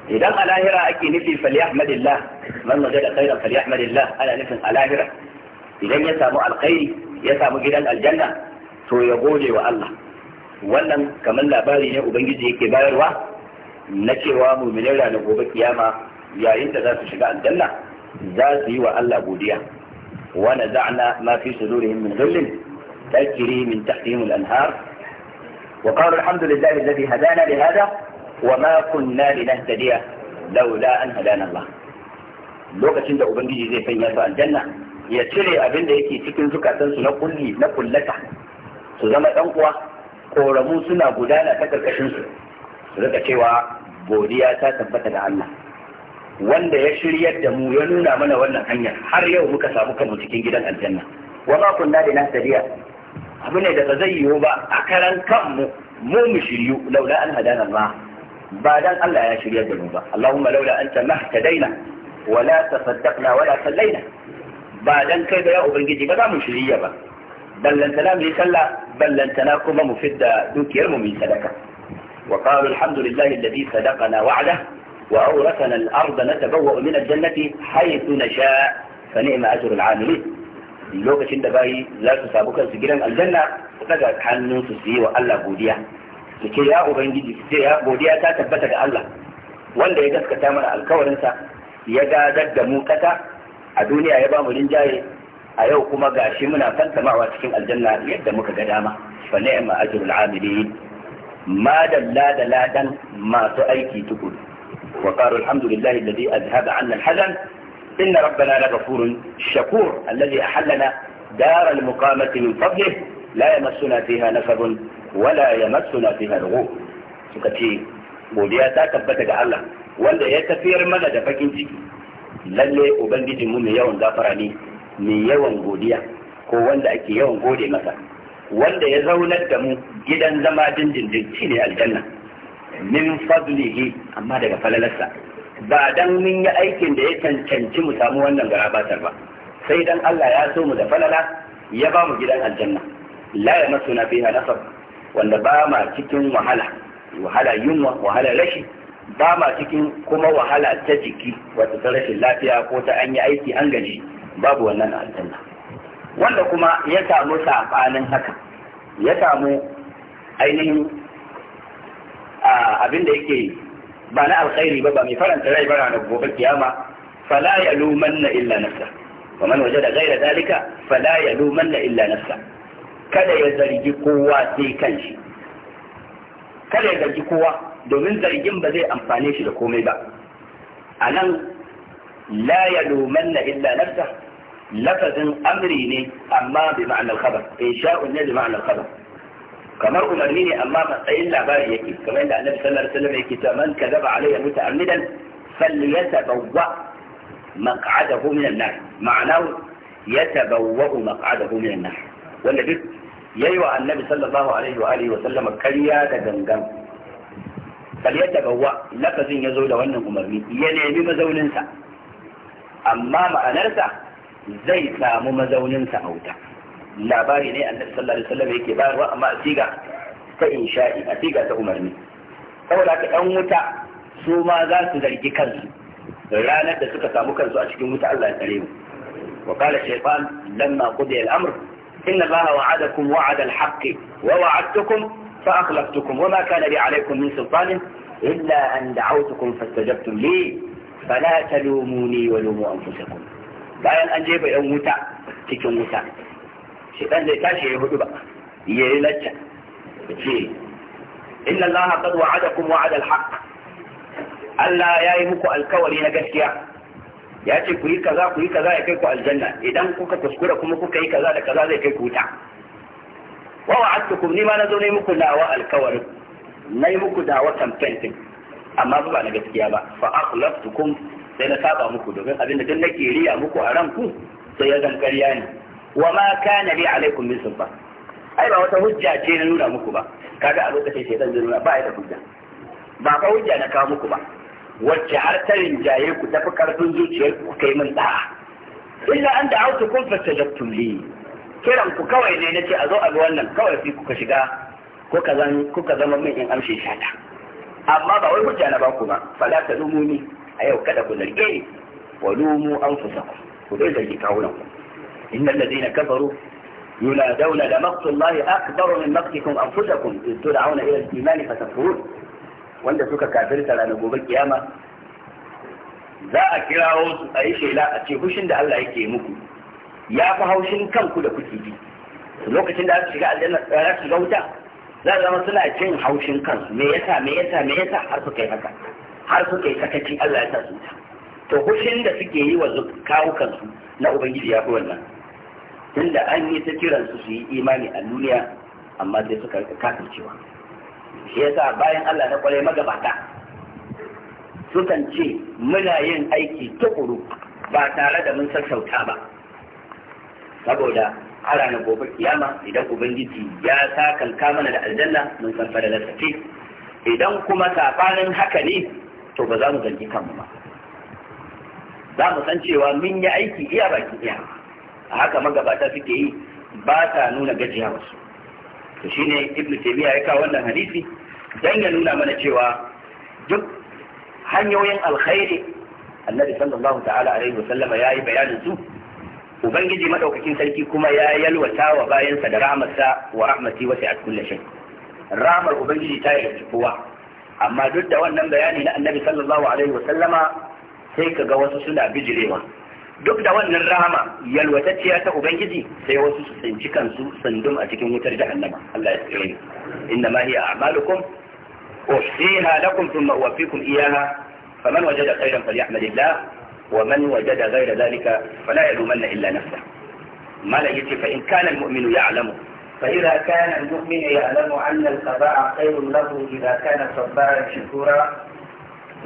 idan a lahira ake nufi falyahmadillah man wajada khairan falyahmadillah ana nufin a lahira idan ya samu alkhairi ya samu gidan aljanna to ya gode wa Allah wannan kamar labari ne ubangiji yake bayarwa na cewa mu'minai rana gobe kiyama yayin da za su shiga aljanna za su yi wa Allah godiya wa naza'na ma fi su sudurihim min ghillin tajri min tahtihim al-anhar wa qalu alhamdulillahi alladhi hadana li hada wa ma kunna linahtadiya laula an hadana Allah lokacin da ubangiji zai sanya su aljanna ya cire abin da yake cikin zukatansu na kulli na kullata su zama ɗan uwa koramu suna gudana ta karkashin su su rika cewa godiya ta tabbata da Allah wanda ya shiryar da mu ya nuna mana wannan hanyar har yau muka samu kanmu cikin gidan aljanna wa kun kunna da nahtadiya abu ne da zai yiwu ba a karan kanmu mu mu shiryu laula an hadana Allah ba dan Allah ya shiryar da mu ba Allahumma laula anta mahtadaina wala tasaddaqna wala sallaina ba dan kai da ya ubangiji ba za mu shirya ba ballantana mu yi sallah ballantana kuma mu fidda dukiyar mu mai yi sadaka وقالوا الحمد لله الذي صدقنا وعده وأورثنا الأرض نتبوأ من الجنة حيث نشاء فنعم أجر العاملين lokacin da bayi za su samu kansu gidan aljanna su daga hannun su yi wa Allah godiya su ya ubangiji su ce ya godiya ta tabbata ga Allah wanda ya gaskata mana sa ya gadar da mu kasa a duniya ya bamu rinjaye a yau kuma gashi muna fantamawa cikin aljanna yadda muka ga dama fa ni'ma ajrul amilin ma dalla da ladan masu aiki tukuru wa qalu alhamdulillahi alladhi azhaba 'anna alhazan inna rabbana laghafurun shakur alladhi ahallana دار المقامة من فضله لا يمسنا فيها نسب ولا يمسنا فيها لغوب سكتي godiya ta tabbatar da Allah wanda ya tafiyar mana da bakin ciki lalle ubangijinmu mai yawan gafara ne yawan godiya ko wanda ake yawan gode masa wanda ya zaunar da mu gidan zama dindindin shi ne aljanna min fadlihi amma daga falalarsa ba dan mun yi aikin da ya cancanci mu samu wannan garabatar ba sai dan Allah ya so mu da falala ya ba mu gidan aljanna la ya masuna na fiha nasab wanda ba ma cikin wahala wahala yunwa wahala rashi ba ma cikin kuma wahala ta jiki wata ta rashin lafiya ko ta an yi aiki an gaji babu wannan aljanna wanda kuma ya samu saɓanin haka ya samu ainihin abin da yake ba na alkhairi ba ba mai faranta rai ba ranar gobe kiyama fala ya na illa nafsa wa man wajada ghaira dalika fala ya na illa nafsa kada ya zargi kowa sai kanshi kada ya zargi kowa domin zargin ba zai amfane shi da komai ba A nan, la ya na illa nafsa لفظ أمري لي أما بمعنى الخبر إنشاء لي بمعنى الخبر كما أمرني أما إلا بارئك كما ان النبي صلى الله عليه وسلم يكتب من كذب علي متعمدا فليتبوأ مقعده من النار معناه يتبوأ مقعده من النار والنبي يأيوا النبي صلى الله عليه وآله وسلم كريات جنجم فليتبوأ لفظ يزول وأنه أمرني ينعم مزول أما معنى الرسالة zai samu mazauninsa a wuta labari ne annabi sallallahu alaihi wasallam yake bayarwa amma a siga ta insha'i a siga ta umarni saboda ka ɗan wuta su ma za su zargi kansu ranar da suka samu kansu a cikin wuta Allah ya tsare mu wa kala shaytan lamma qudiya al-amr inna allaha wa'adakum wa'ada al-haqq wa wa'adtukum fa akhlaftukum wa ma kana li alaykum min sultanin illa an da'awtukum fastajabtum li fala talumuni wa lumu anfusakum bayan an jefa yan wuta cikin wuta shedan zai tashi ya hudu ba ya yi lacca ya ce inna allaha qad wa'adakum wa'ada al-haqq Allah ya yi muku alkawari na gaskiya ya ce ku yi kaza ku yi kaza ya kai ku aljanna idan kuka kuskura kuma kuka yi kaza da kaza zai kai ku wuta wa wa'adtukum ni ma na zo ne muku dawa alkawari na yi muku dawa campaign din amma ba na gaskiya ba fa akhlaftukum sai na saba muku domin abin da nake riya muku a ranku sai ya zan ƙarya ne wa ma kana li alaikum min sunfa ai ba wata hujja ce na nuna muku ba kaga a lokacin shaitan zai nuna ba ya da hujja ba fa hujja na kawo muku ba wacce har ta rinjaye ku tafi karfin zuciyar ku kai min da'a illa an da autu kun fastajabtum li kiran ku kawai ne nace a zo a ga wannan kawai sai kuka shiga kuka zan kuka zama min in amshe shata amma ba wai hujja na ba ku ba fala ta dumuni a yau kada ku zarge ni wa lumu anfusakum ku dai zargi kawunan ku In innal ladina kafaru ينادون لمقت الله أكبر من مقتكم أنفسكم إذ تدعون إلى الإيمان فتكفرون wanda suka kafirta ranar gobe kiyama za a kirawo su a yi shela a ce hushin da Allah yake muku ya fi haushin kanku da kuke ji lokacin da aka shiga aljanna za su shiga wuta za zama suna cin haushin kansu me yasa me yasa me yasa har su kai haka har suke sakaci Allah ya sa su to hushin da suke yi wa kawukansu na ubangiji ya fi wannan tunda an yi ta kiran su su yi imani a duniya amma sai suka kafircewa shi yasa bayan Allah na kwarai magabata sukan ce muna yin aiki tukuru ba tare da mun sassauta ba saboda a ranar gobe kiyama idan ubangiji ya sa kanka mana da aljanna mun san da ce idan kuma safanin haka ne to ba za mu zargi kanmu ba za mu san cewa mun yi aiki iya baki iya a haka magabata suke yi ba ta nuna gajiya wasu to shine ibnu taymiya ya kawo wannan hadisi dan ya nuna mana cewa duk hanyoyin alkhairi annabi sallallahu ta'ala alaihi wa sallama yayi bayanin su ubangiji madaukakin sarki kuma ya yalwata wa bayansa da rahmatsa wa rahmati wasi'at kulli shay rahmar ubangiji ta yi kowa amma duk da wannan bayani na annabi sallallahu alaihi wasallama sai ka ga wasu suna bijirewa duk da wannan rahama yalwatacciya ta ubangiji sai wasu su tsinci kansu sandum a cikin wutar jahannama Allah ya tsare ni inna ma hiya a'malukum uhsiha lakum thumma uwaffikum iyyaha faman wajada khayran falyahmadillah wa man wajada ghayra dhalika fala yalumanna illa nafsa malam yace fa in kana al-mu'minu ya'lamu فإذا كان المؤمن يعلم أن القضاء خير له إذا كان صبارا شكورا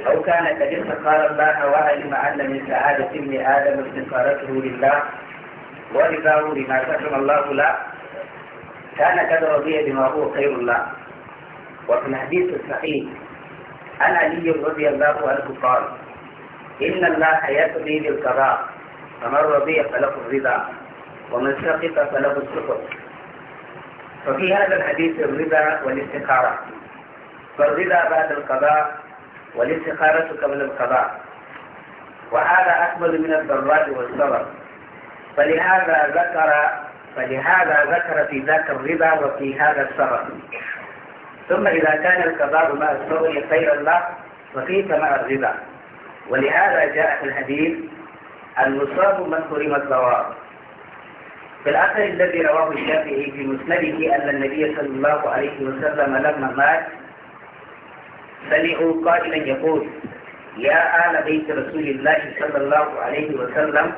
أو كان قد قال الله وعلم أن من سعادة ابن آدم استقالته لله ورضاه بما كتب الله له كان قد رضي بما هو خير له وفي الحديث الصحيح عن علي رضي الله عنه قال إن الله يقضي بالقضاء فمن رضي فله الرضا ومن سقط فله السقط ففي هذا الحديث الربا والاستخارة فالربا بعد القضاء والاستخارة قبل القضاء وهذا أكبر من الضراج والصبر فلهذا ذكر فلهذا ذكر في ذاك الربا وفي هذا الصبر ثم إذا كان القضاء مع الصبر خيرا له فكيف مع الربا ولهذا جاء في الحديث المصاب من حرم الضواب في الأثر الذي رواه الشافعي في مسنده أن النبي صلى الله عليه وسلم لما مات سمعوا قائلا يقول يا آل بيت رسول الله صلى الله عليه وسلم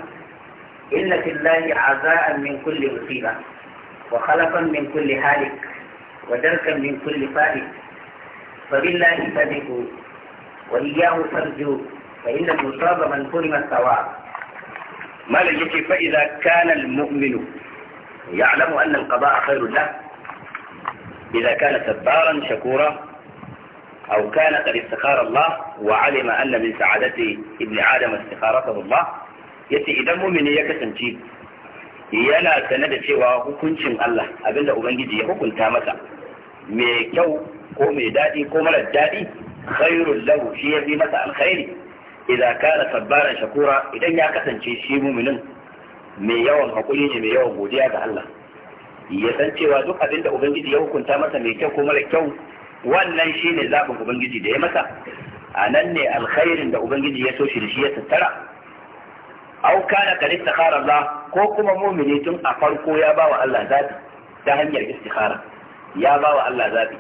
إن في الله عزاء من كل مصيبة وخلقا من كل هالك ودركا من كل فارق فبالله فذكوا وإياه فارجوا فإن المصاب من كرم الثواب ما يجي فإذا كان المؤمن يعلم أن القضاء خير له إذا كان سبارا شكورا أو كان قد استخار الله وعلم أن من سعادة ابن عادم استخارته الله يأتي إذا يتئذى المؤمن يكسنجيب يلا سند شيء وحكم شيء الله أبن له من جدي حكم تامسا ميكو قوم دادي قوم الدادي خير له شيء بمسا الخير إذا كان صبارا شكورا إذا يكسنجيب شيء مؤمنين mai yawan hakuri ne mai yawan godiya ga Allah ya san cewa duk abin da ubangiji ya hukunta masa mai kyau ko mara kyau wannan shine zaɓin ubangiji da ya masa a nan ne alkhairin da ubangiji ya so shi da shi ya tattara au kana ka istikhara Allah ko kuma mumini tun a farko ya bawa Allah zabi ta hanyar istikhara ya bawa Allah zabi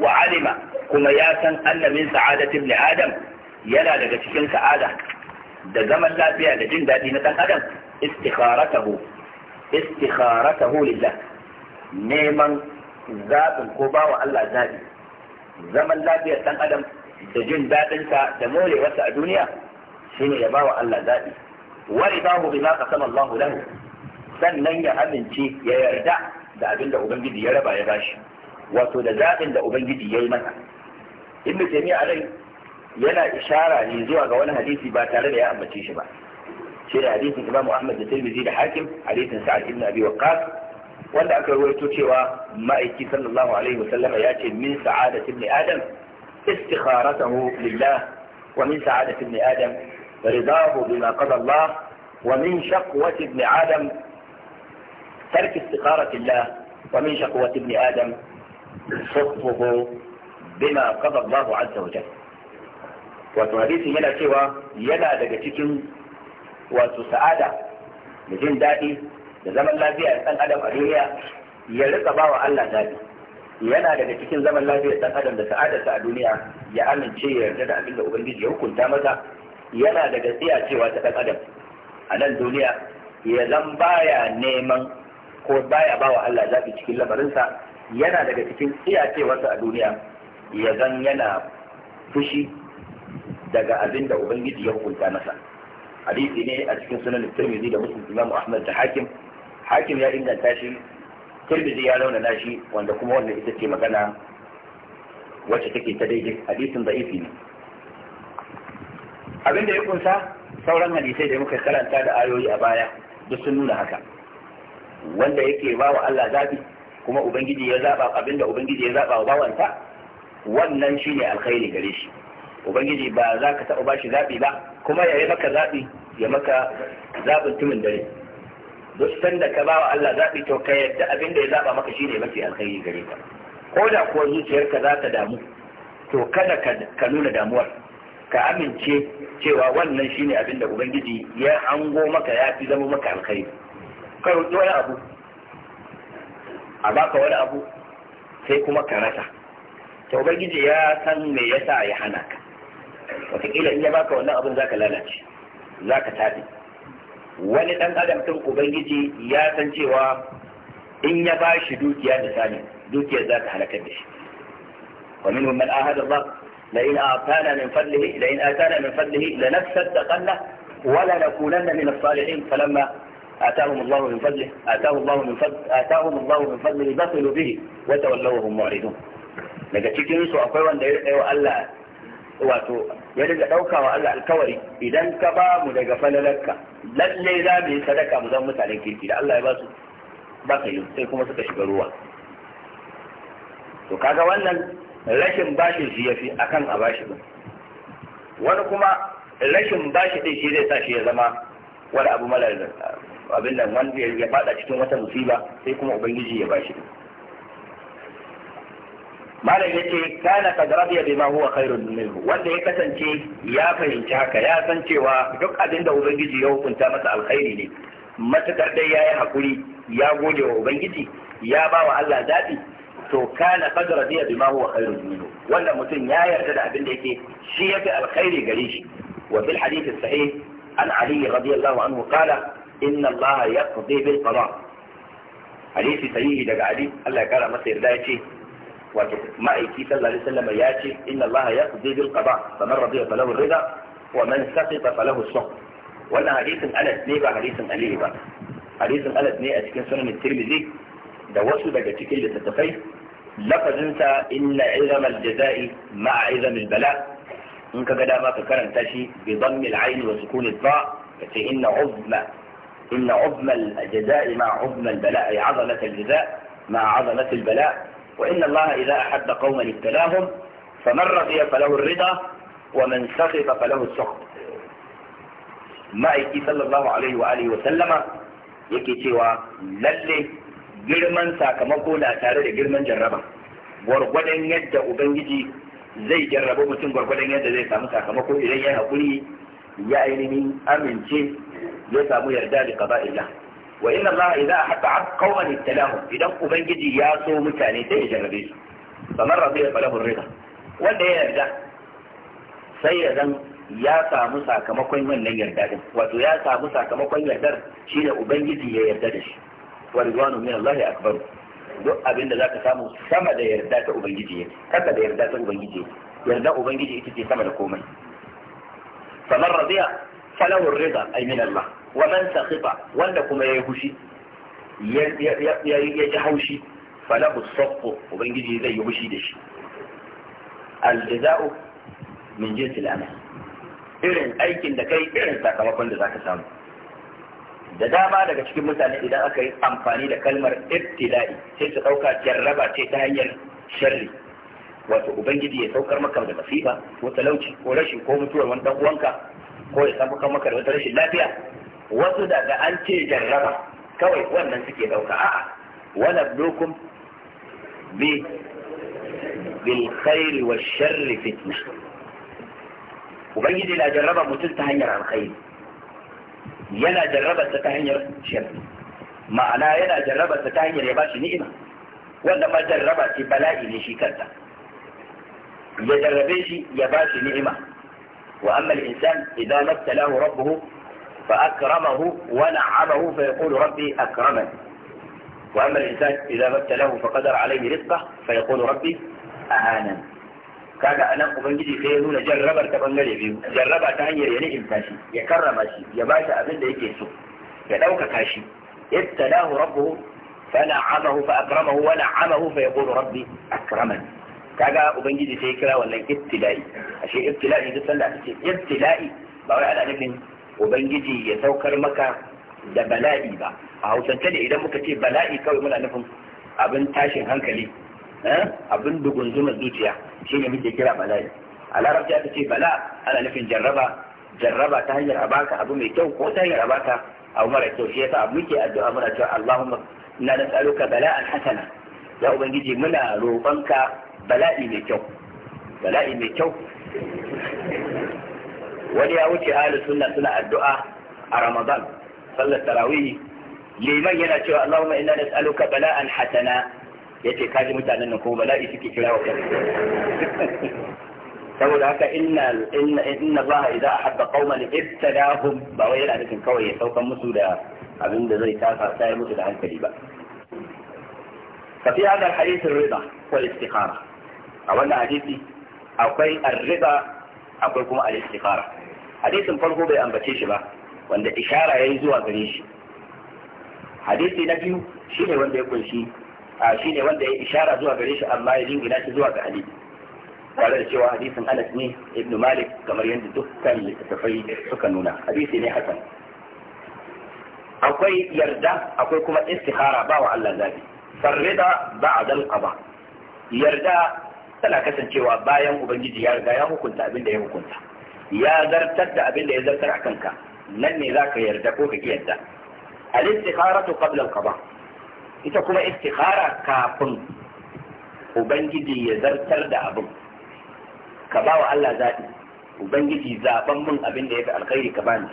wa alima kuma ya san anna min sa'adatin li adam yana daga cikin sa'ada da zaman lafiya da jin daɗi na ɗan adam istikharatahu istikharatahu lillah neman zaɓin ko ba wa Allah zaɓi zaman lafiyar ɗan adam da jin daɗinsa da morewarsa a duniya shine ya ba wa Allah zaɓi lahu sannan ya amince ya yarda da abin da Ubangiji ya raba ya bashi wato da zaɓin da Ubangiji ya yi masa Inda taymiya alai yana ishara ne zuwa ga wani hadisi ba tare da ya ambace shi ba في حديث الامام أحمد بن زيد لحاكم حديث سعد بن أبي وقاص وأن أكبر ويتوشي ما إتي صلى الله عليه وسلم يأتي من سعادة ابن آدم استخارته لله ومن سعادة ابن آدم رضاه بما قضى الله ومن شقوة ابن آدم ترك استخارة الله ومن شقوة ابن آدم صدقه بما قضى الله عز وجل وتنبيث من سوى يلا دقتكم wato sa'ada da jin daɗi da zaman lafiya ɗan adam a duniya ya rika ba wa Allah daɗi yana daga cikin zaman lafiyar ɗan adam da sa'adarsa a duniya ya amince ya yarda da abin da ubangiji ya hukunta masa yana daga tsiya cewa ta ɗan adam a nan duniya ya zan baya neman ko baya ba wa Allah zaɓi cikin lamarinsa yana daga cikin tsiya cewarsa a duniya ya zan yana fushi daga abin da ubangiji ya hukunta masa hadisi ne a cikin sunan tirmidhi da muslim imam ahmad da hakim hakim ya inganta shi tirmidhi ya launa nashi wanda kuma wannan ita ce magana wacce take ta daidai hadisin da ifi ne Abinda ya kunsa sauran hadisai da muka karanta da ayoyi a baya duk sun nuna haka wanda yake ba wa Allah zabi kuma ubangiji ya zaba abinda ubangiji ya zaba wa bawansa wannan shine alkhairi gare shi ubangiji ba za ka taɓa bashi zabi ba kuma ya yi maka zaɓi ya maka zaɓin tumin dare duk sanda ka ba wa Allah zaɓi to ka yadda abin da ya zaɓa maka shi ne mafi alkhairi gare ka ko da kuwa zuciyarka za ta damu to kada ka nuna damuwar ka amince cewa wannan shi ne abin da ubangiji ya ango maka ya fi zama maka alkhairi ka roƙi wani abu a baka wani abu sai kuma ka rasa to ubangiji ya san me yasa ya hana ka wataƙila in ya baka wannan abin zaka lalace zaka tafi wani dan adam tun ubangiji ya san cewa in ya ba shi dukiya da Sani dukiya za ta halakar da shi wa min man ahada Allah la in atana min fadlihi la in atana min fadlihi la nafsadaqanna wa la nakunanna min as-salihin falamma آتاهم الله من فضله آتاهم الله من فضل آتاهم الله من فضله بخلوا به وتولوا وهم معرضون daga cikin su akwai wanda ya tsaye wa Allah wato ya dinga ɗauka wa Allah alkawari idan ka ba mu daga falalarka lalle za mu yi sadaka mu zan mutanen kirki da Allah ya ba su ba ka yi sai kuma suka shiga ruwa to kaga wannan rashin bashin shi yafi akan a bashi ba, wani kuma rashin bashi din shi zai sa shi ya zama wani abu malar abin nan wanda ya fada cikin wata musiba sai kuma ubangiji ya bashi din malam yace kana kad bai bima huwa khairun minhu wanda ya kasance ya fahimci haka ya san cewa duk abin da ubangiji ya hukunta masa alkhairi ne matukar dai yayi hakuri ya gode wa ubangiji ya ba wa Allah zabi to kana kad bai bima huwa khairun minhu wanda mutum ya yarda da abin da yake shi yafi alkhairi gare shi wa bil hadith sahih an ali radiyallahu anhu qala inna Allah yaqdi bil qada hadisi sahihi daga ali Allah ya kara masa yarda yace wato ma'aiki sallallahu alaihi wasallam ya ce inna allaha yaqdi bil qada faman radiya falahu ar-rida wa man saqita falahu as-suq wannan hadisin anas ne ba hadisin ali ba hadisin anas ne a cikin sunan tirmidhi da wasu daga cikin littattafai lafazinsa inna izama al-jaza'i ma'a izama al-bala in ka ga dama ka karanta shi bi dhammi al-ayn wa sukun ad-da kace inna uzma inna uzma al-jaza'i ma'a uzma al-bala ay 'azamat al-jaza' ma'a 'azamat al-bala وإن الله إذا أحب قوما ابتلاهم فمن رضي فله الرضا ومن سخط فله السخط ma'aiki sallallahu alaihi wa alihi wa sallama yake cewa lalle girman sakamako na tare da girman jarraba gwargwadon yadda ubangiji zai jarraba mutum gwargwadon yadda zai samu sakamako idan ya haƙuri ya ainihin amince ya samu yarda da qada'illah وإن الله إذا أحب عبد قوما ابتلاهم إذا دمق بنجد ياسو مثاني تيجا نبيس فمن رضي فله الرضا وإن هي سيدا يا موسى كما كوين من لن يرداد وتو ياسا موسى كما كوين يهدر شيء أبنجد يرددش ورضوان من الله أكبر دو أبين ذاك سامو سما دا يردات أبنجد كتا دا يردات أبنجد يرداء أبنجد إتتي سما دا كومي فمن رضي فله الرضا أي من الله wa man sakhifa wanda kuma yayi hushi ya ji haushi falahu safu ubangiji zai yi hushi da shi aljaza'u min jinsi al'amal irin aikin da kai irin sakamakon da zaka samu da dama daga cikin mutane idan aka yi amfani da kalmar ibtila'i sai su ɗauka jarraba ce ta hanyar sharri wato ubangiji ya saukar maka da masifa ko talauci ko rashin ko mutuwar wani dan uwanka ko ya samu maka da wata rashin lafiya wasu daga an ce jarraba kawai wannan suke dauka a'a wala dokun bi bil khairi wa sharri fitna ubangiji na jarraba mutum ta hanyar alkhairi yana jarraba ta hanyar sharri ma'ana yana jarraba ta hanyar ya bashi ni'ima wanda ma jarraba ce bala'i ne shi kanta ya jarrabe shi ya bashi ni'ima wa amma al-insan idan mabtalahu rabbuhu فأكرمه ونعمه فيقول ربي أكرمني وأما الإنسان إذا ما ابتلاه فقدر عليه رزقه فيقول ربي أهانن kaga anan ubangiji sai ya nuna jarrabar ta bangare biyu jarraba ta hanyar ya ni'imta shi ya karrama shi ya ba shi abin da yake so ya ɗaukaka shi ibtalahu rabbuhu fana'amahu fa akramahu wa na'amahu fa yaqulu rabbi akramani kaga ubangiji sai ya kira wannan ibtila'i ashe ibtila'i duk sanda ake ba wai ubangiji ya saukar maka da bala'i ba a hausance ne idan muka ce bala'i kawai muna nufin abin tashin hankali eh, abin dugunzumar zuciya shi ne muke kira bala'i a larabci aka ce bala ana nufin jarraba jarraba ta hanyar a baka abu mai kyau ko ta hanyar a baka abu mara kyau shi yasa muke addu'a muna cewa Allahumma inna nas'aluka bala'an hasana ya ubangiji muna roƙonka bala'i mai kyau bala'i mai kyau wani ya wuce ahlus sunna suna addu'a a ramadan sallar tarawih liman yana cewa Allahumma inna nas'aluka bala'an hasana yace kaji mutanen nan ko bala'i suke kira wa kai <laughs> saboda haka inna inna inna Allah idza ahabba qauman ibtadahum ba wai yana nufin kawai ya saukan musu da abin da zai tafa sai musu da hankali ba ففي هذا الحديث الرضا والاستخارة أولا حديثي أو كي الرضا أقول لكم الاستخارة hadisin farko bai ambace shi ba wanda ishara yayi zuwa gare shi hadisi na biyu shine wanda ya kunshi a shine wanda ya ishara zuwa gare shi amma ya jingina shi zuwa ga Ali tare da cewa hadisin Anas ne Ibn Malik kamar yadda dukkan littattafai suka nuna hadisi ne hasan akwai yarda akwai kuma istikhara ba wa Allah zabi farida ba al-qada yarda tana kasancewa bayan ubangiji ya riga ya hukunta abin da ya hukunta ya zartar da abin da ya zartar a kanka nan ne za ka yarda ko ka yarda al istikharatu qabla al qada ita kuma istikhara kafin ubangiji ya zartar da abin ka ba wa Allah zaɓi ubangiji zaɓen min abin da ya fi alkhairi ka bani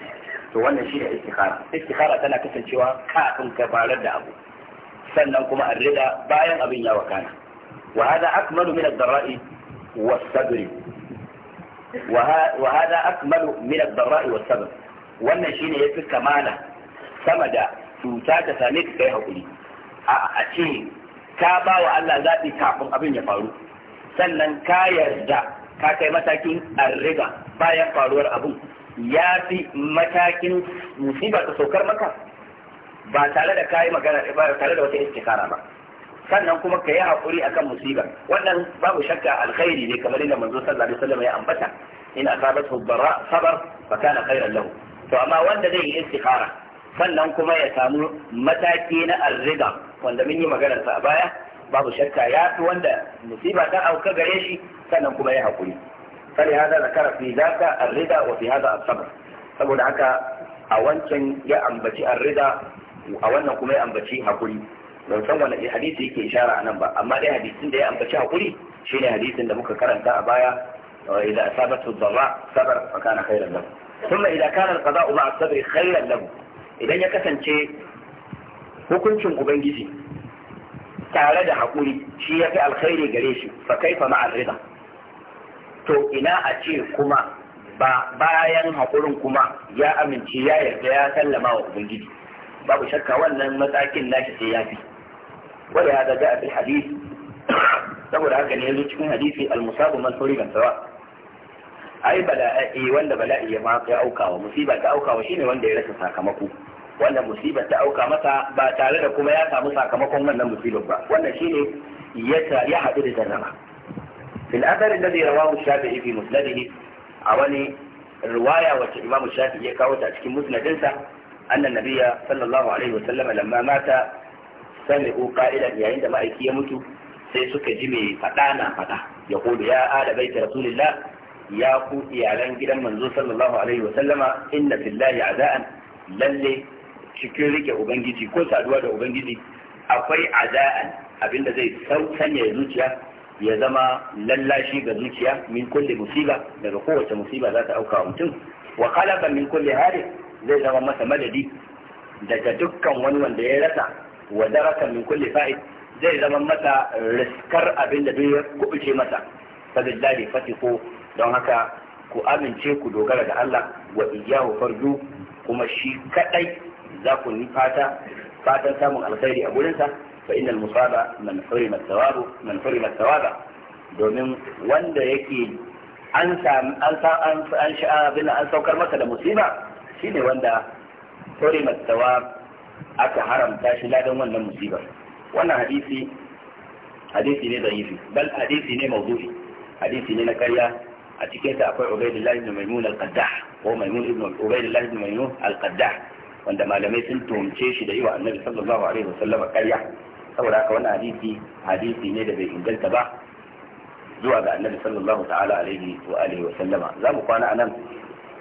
to wannan shi ne istikhara istikhara tana kasancewa kafin ka farar da abu sannan kuma arrida bayan abin ya wakana wa hada akmalu min ad-dara'i was-sabri wa hada akmalu min ad-dara'i was-sabr wannan shine fi kamala sama da cuta ta same ka kai hakuri A'a a ce ka ba wa Allah zabi kafin abin ya faru sannan kayarda ka kai matakin ariga bayan faruwar abun ya fi matakin musiba ta saukar maka ba tare da kayi magana ba tare da wata istikara ba sannan kuma ka yi haƙuri akan musibar wannan babu shakka alkhairi ne kamar yadda manzo sallallahu alaihi wasallam ya ambata in asabatu barra sabar fa kana khairan lahu to amma wanda zai yi istikhara sannan kuma ya samu mataki na arrida wanda mun yi maganar sa a baya babu shakka ya fi wanda musiba ta auka gare shi sannan kuma ya haƙuri فلهذا ذكر في ذاك الرضا وفي هذا asabar saboda haka a wancan ya ambaci arrida a wannan kuma ya ambaci hakuri ban san wani hadisi yake ishara nan ba amma dai hadisin da ya ambaci hakuri shine hadisin da muka karanta a baya Idan asabatu dharra sabar fa kana khairan lahu thumma idza kana al-qada'u ma'a khairan lahu idan ya kasance hukuncin ubangiji tare da hakuri shi yafi alkhairi gare shi fa kaifa ma'a to ina a ce kuma ba bayan hakurin kuma ya amince ya yarda ya sallama wa ubangiji babu shakka wannan matsakin nashi sai ya fi ولهذا جاء في الحديث saboda haka ne yazo cikin hadisi al-musabu man furigan sawa ai bala'i wanda bala'i ya ma ya auka wa musiba ta auka wa shine wanda ya rasa sakamako wanda musiba ta auka masa ba tare da kuma ya samu sakamakon wannan musibar ba wannan shine ya ya hadu da jarraba fil athar alladhi rawahu shafi'i fi musnadihi a wani riwaya wacce imam shafi'i ya kawo ta cikin musnadinsa anna nabiyya sallallahu alaihi wa mata sami'u qa'ilan yayin da ma'aiki ya mutu sai suka ji mai faɗa na fada ya kudu ya ala baiti rasulillah ya ku iyalan gidan manzo sallallahu alaihi wa sallama inna fillahi azaan lalle cikin rike ubangiji ko saduwa da ubangiji akwai azaan abinda zai sanya zuciya ya zama lallashi ga zuciya min kulle musiba daga kowace musiba za ta auka mutum wa khalaqa min kulle hari zai zama masa madadi daga dukkan wani wanda ya rasa wadaraka min kulli fa'id zai zama mata riskar abin da ya kubuce mata fa Fati fatiku don haka ku amince ku dogara da Allah wa iyyahu fardu kuma shi kadai za ku ni fata fatan samun alkhairi a gurinsa fa innal musaba man hurima thawabu man hurima thawaba domin wanda yake an an an an saukar masa da musiba shine wanda hurima thawab aka haramta shi ladan wannan musiba wannan hadisi hadisi ne da'ifi bal hadisi ne mawdu'i hadisi ne na karya a cikin sa akwai Ubaydullah ibn Maimun al-Qaddah ko Maimun ibn Ubaydullah ibn Maimun al-Qaddah wanda malamai sun tuhumce shi da yi wa Annabi sallallahu alaihi wasallam karya saboda haka wannan hadisi hadisi ne da bai inganta ba zuwa ga Annabi sallallahu ta'ala alaihi wa alihi wasallama za mu kwana anan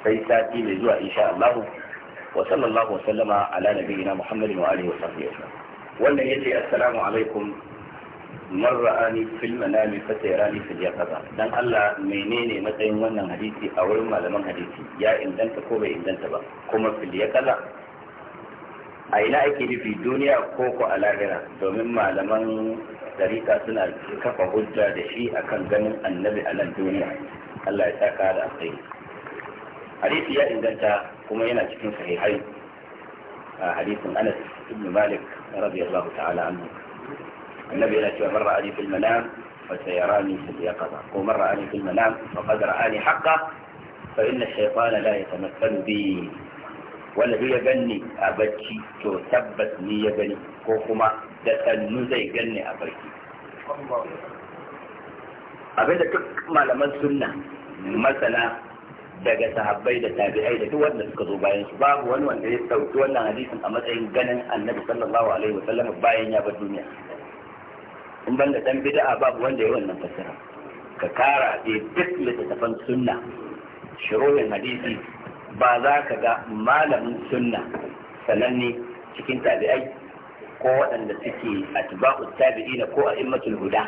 sai sati mai zuwa insha Allah wa sallallahu wasallama ala nabiyina muhammadin wa alihi wa sahbihi ajma'in wannan yace assalamu alaikum man ra'ani fil manami fa sayrani fil yaqaza dan Allah menene matsayin wannan hadisi a wurin malaman hadisi ya inganta ko bai inganta ba kuma fil yaqaza a ina ake nufi duniya ko ko a lahira domin malaman tarika suna kafa hujja da shi akan ganin annabi a nan duniya Allah ya saka da alkhairi hadisi ya inganta kuma yana cikin sahihai a hadisin Anas ibn Malik radiyallahu ta'ala anhu annabi yana cewa marra ali fil manam fa sayarani fil yaqaza ko marra ali fil manam fa faqad ra'ani haqqan fa inna shaytana la yatamathalu bi wala bi ya ganni a bacci to tabbas ni ya gani ko kuma da sannu zai ganni a barci abinda duk malaman sunna masana daga sahabbai da tabi'ai da duk wanda suka zo bayan su babu wani wanda ya sauki wannan hadisin a matsayin ganin annabi sallallahu alaihi wa sallam bayan ya bar duniya in ban da dan bid'a babu wanda ya wannan fassara ka kara da duk littattafan sunna shirohin hadisi ba za ka ga malamin sunna sananne cikin tabi'ai ko waɗanda suke atba'u tabi'ina ko a'immatul huda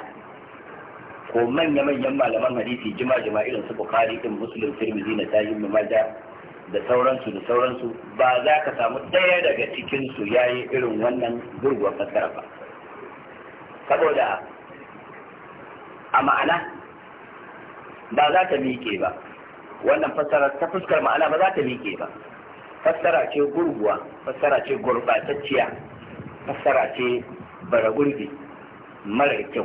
ko manya-manyan malaman hadisi jima-jima irin su bukhari din muslim tirmidhi na tayyib maja da sauransu da sauransu ba za ka samu ɗaya daga cikin su yayi irin wannan gurguwar fassara ba saboda a ma'ana ba za ta miƙe ba wannan fassara ta fuskar ma'ana ba za ta miƙe ba fassara ce gurguwa fassara ce gurbatacciya fassara ce bara gurbi mara kyau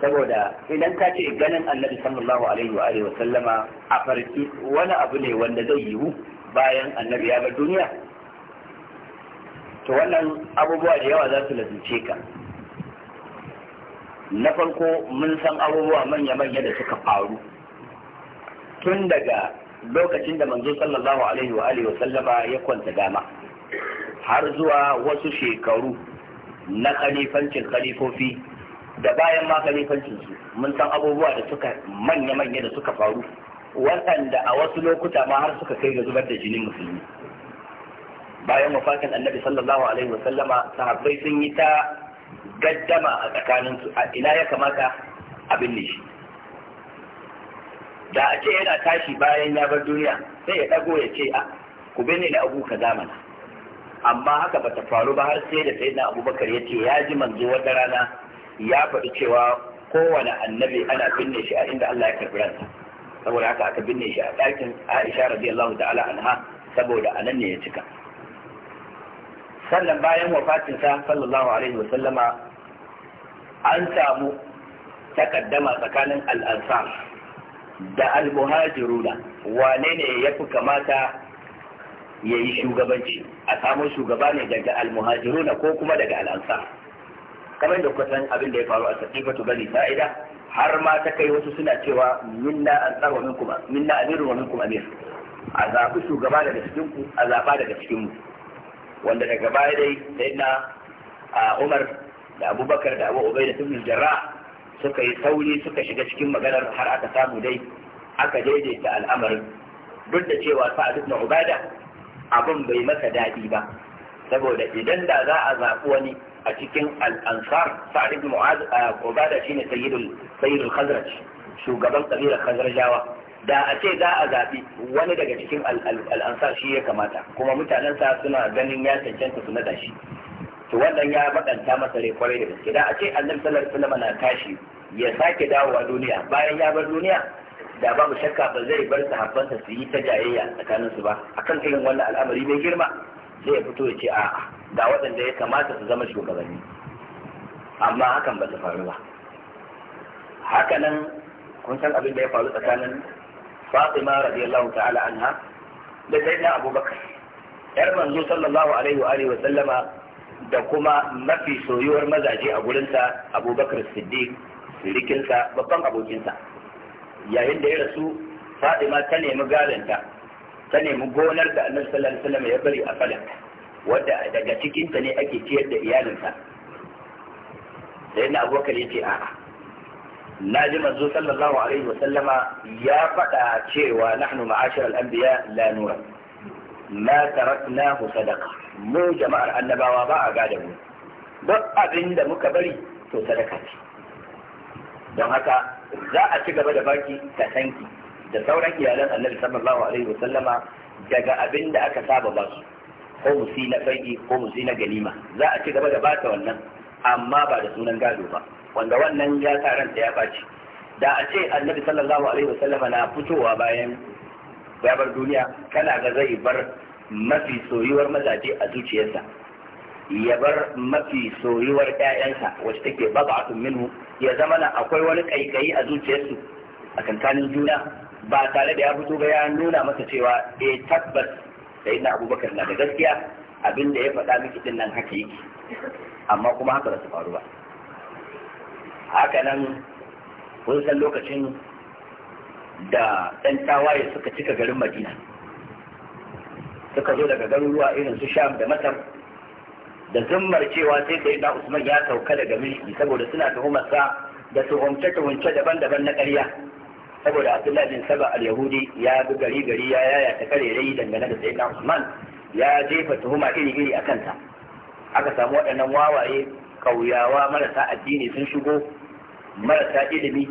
saboda idan ka ce ganin annabi sallallahu alaihi wa alihi wa sallama a farki wani abu ne wanda zai yiwu bayan annabi ya bar duniya to wannan abubuwa da yawa za su lazumce ka na farko mun san abubuwa manya-manya da suka faru tun daga lokacin da manzo sallallahu alaihi wa alihi wa sallama ya kwanta dama har zuwa wasu shekaru na khalifancin khalifofi da bayan ma khalifancin su mun san abubuwa da suka manya-manya da suka faru waɗanda a wasu lokuta ma har suka kai ga zubar da jinin musulmi bayan mafakin annabi sallallahu alaihi wa sallama sahabbai sun yi ta gaddama a tsakaninsu a ina ya kamata abin ne shi da a ce yana tashi bayan ya bar duniya sai ya ɗago ya ce a ah, ku binne na abu ka zamana amma haka bata faru ba har sai da sayyidina abubakar ya ce ya ji manzo wata rana ya faɗi cewa kowane annabi ana binne shi a inda Allah ya karɓi ransa saboda haka aka binne shi a ɗakin Aisha radiyallahu ta'ala anha saboda anan ne ya cika sannan bayan sa sallallahu alaihi wasallama an samu takaddama tsakanin al'ansar da al-muhajiruna wane ne ya fi kamata ya yi shugabanci a samu shugaba ne daga al-muhajiruna ko kuma daga al'ansar kamar da kusan abin da ya faru a safifatu bani sa'ida har ma ta kai wasu suna cewa minna an min kuma minna amirun wa kuma amir a zaɓi shugaba daga cikin a zaɓa daga cikin mu wanda daga baya dai sai na Umar da Abubakar da Abu Ubaida yi Jarrah suka yi sauri suka shiga cikin maganar har aka samu dai aka daidaita al'amarin duk da cewa Sa'ad ibn Ubada abin bai masa daɗi ba saboda idan da za a zaɓi wani a cikin al'ansar, ansar sa'ad ibn mu'az ubada shine sayyidul sayyidul khazraj shugaban kabilar khazrajawa da a ce za a zaɓi wani daga cikin al'ansar shi ya kamata kuma mutanensa suna ganin ya cancanta su nada shi to wannan ya baɗanta masa rai kwarai da gaske da a ce annabi sallallahu alaihi na tashi ya sake dawowa duniya bayan ya bar duniya da babu shakka ba zai bar sahabbansa su yi ta jayayya tsakaninsu ba akan irin wannan al'amari mai girma sai ya fito ya ce a'a ga waɗanda ya kamata su zama shugabanni amma hakan ba su faru ba hakanan kun san abin da ya faru tsakanin Fatima radiyallahu ta'ala anha da Abubakar yar manzo sallallahu alaihi wa alihi wa sallama da kuma mafi soyuwar mazaje a gurinsa Abubakar Siddiq sirikinsa babban abokinsa yayin da ya rasu Fatima ta nemi galanta ta nemi gonar da annabi sallallahu alaihi wasallam ya bari a falak wadda daga cikin ta ne ake ciyar da iyalinsa sai na abokan yace a'a na ji manzo sallallahu alaihi wasallama ya faɗa cewa nahnu ma'ashir al-anbiya la nura ma taraknahu sadaqa mu jama'ar annabawa ba a gada mu duk abin da muka bari to sadaka ce don haka za a ci gaba da baki ka sanki da sauran iyalan annabi sallallahu alaihi wasallama daga abin da aka saba ba su ko musi na fai'i ko musi na ganima za a ci gaba da bata wannan amma ba da sunan gado ba wanda wannan ya sa ranta ya baci da a ce annabi sallallahu alaihi wasallama na fitowa bayan ya duniya kana ga zai bar mafi soyuwar mazaje a zuciyarsa ya bar mafi soyuwar ƴaƴansa wacce take bab'atun minhu ya zama na akwai wani kaikayi a zuciyarsu a kankanin juna ba tare da ya fito ba ya nuna masa cewa eh tabbas sai na abubakar na da gaskiya abin da ya faɗa miki din nan haka yake amma kuma haka ba su faru ba haka nan kun san lokacin da ɗan tawaye suka cika garin madina suka zo daga garuruwa irin su sham da masar da zummar cewa sai sai da usman ya sauka daga mulki saboda suna tuhumarsa da tuhumce-tuhumce daban-daban na ƙarya saboda Abdullah bin saba al-yahudi ya bi gari gari ya yaya ta karerai dangane da sayyidina usman ya jefa tuhuma iri iri a kanta aka samu waɗannan wawaye kauyawa marasa addini sun shigo marasa ilimi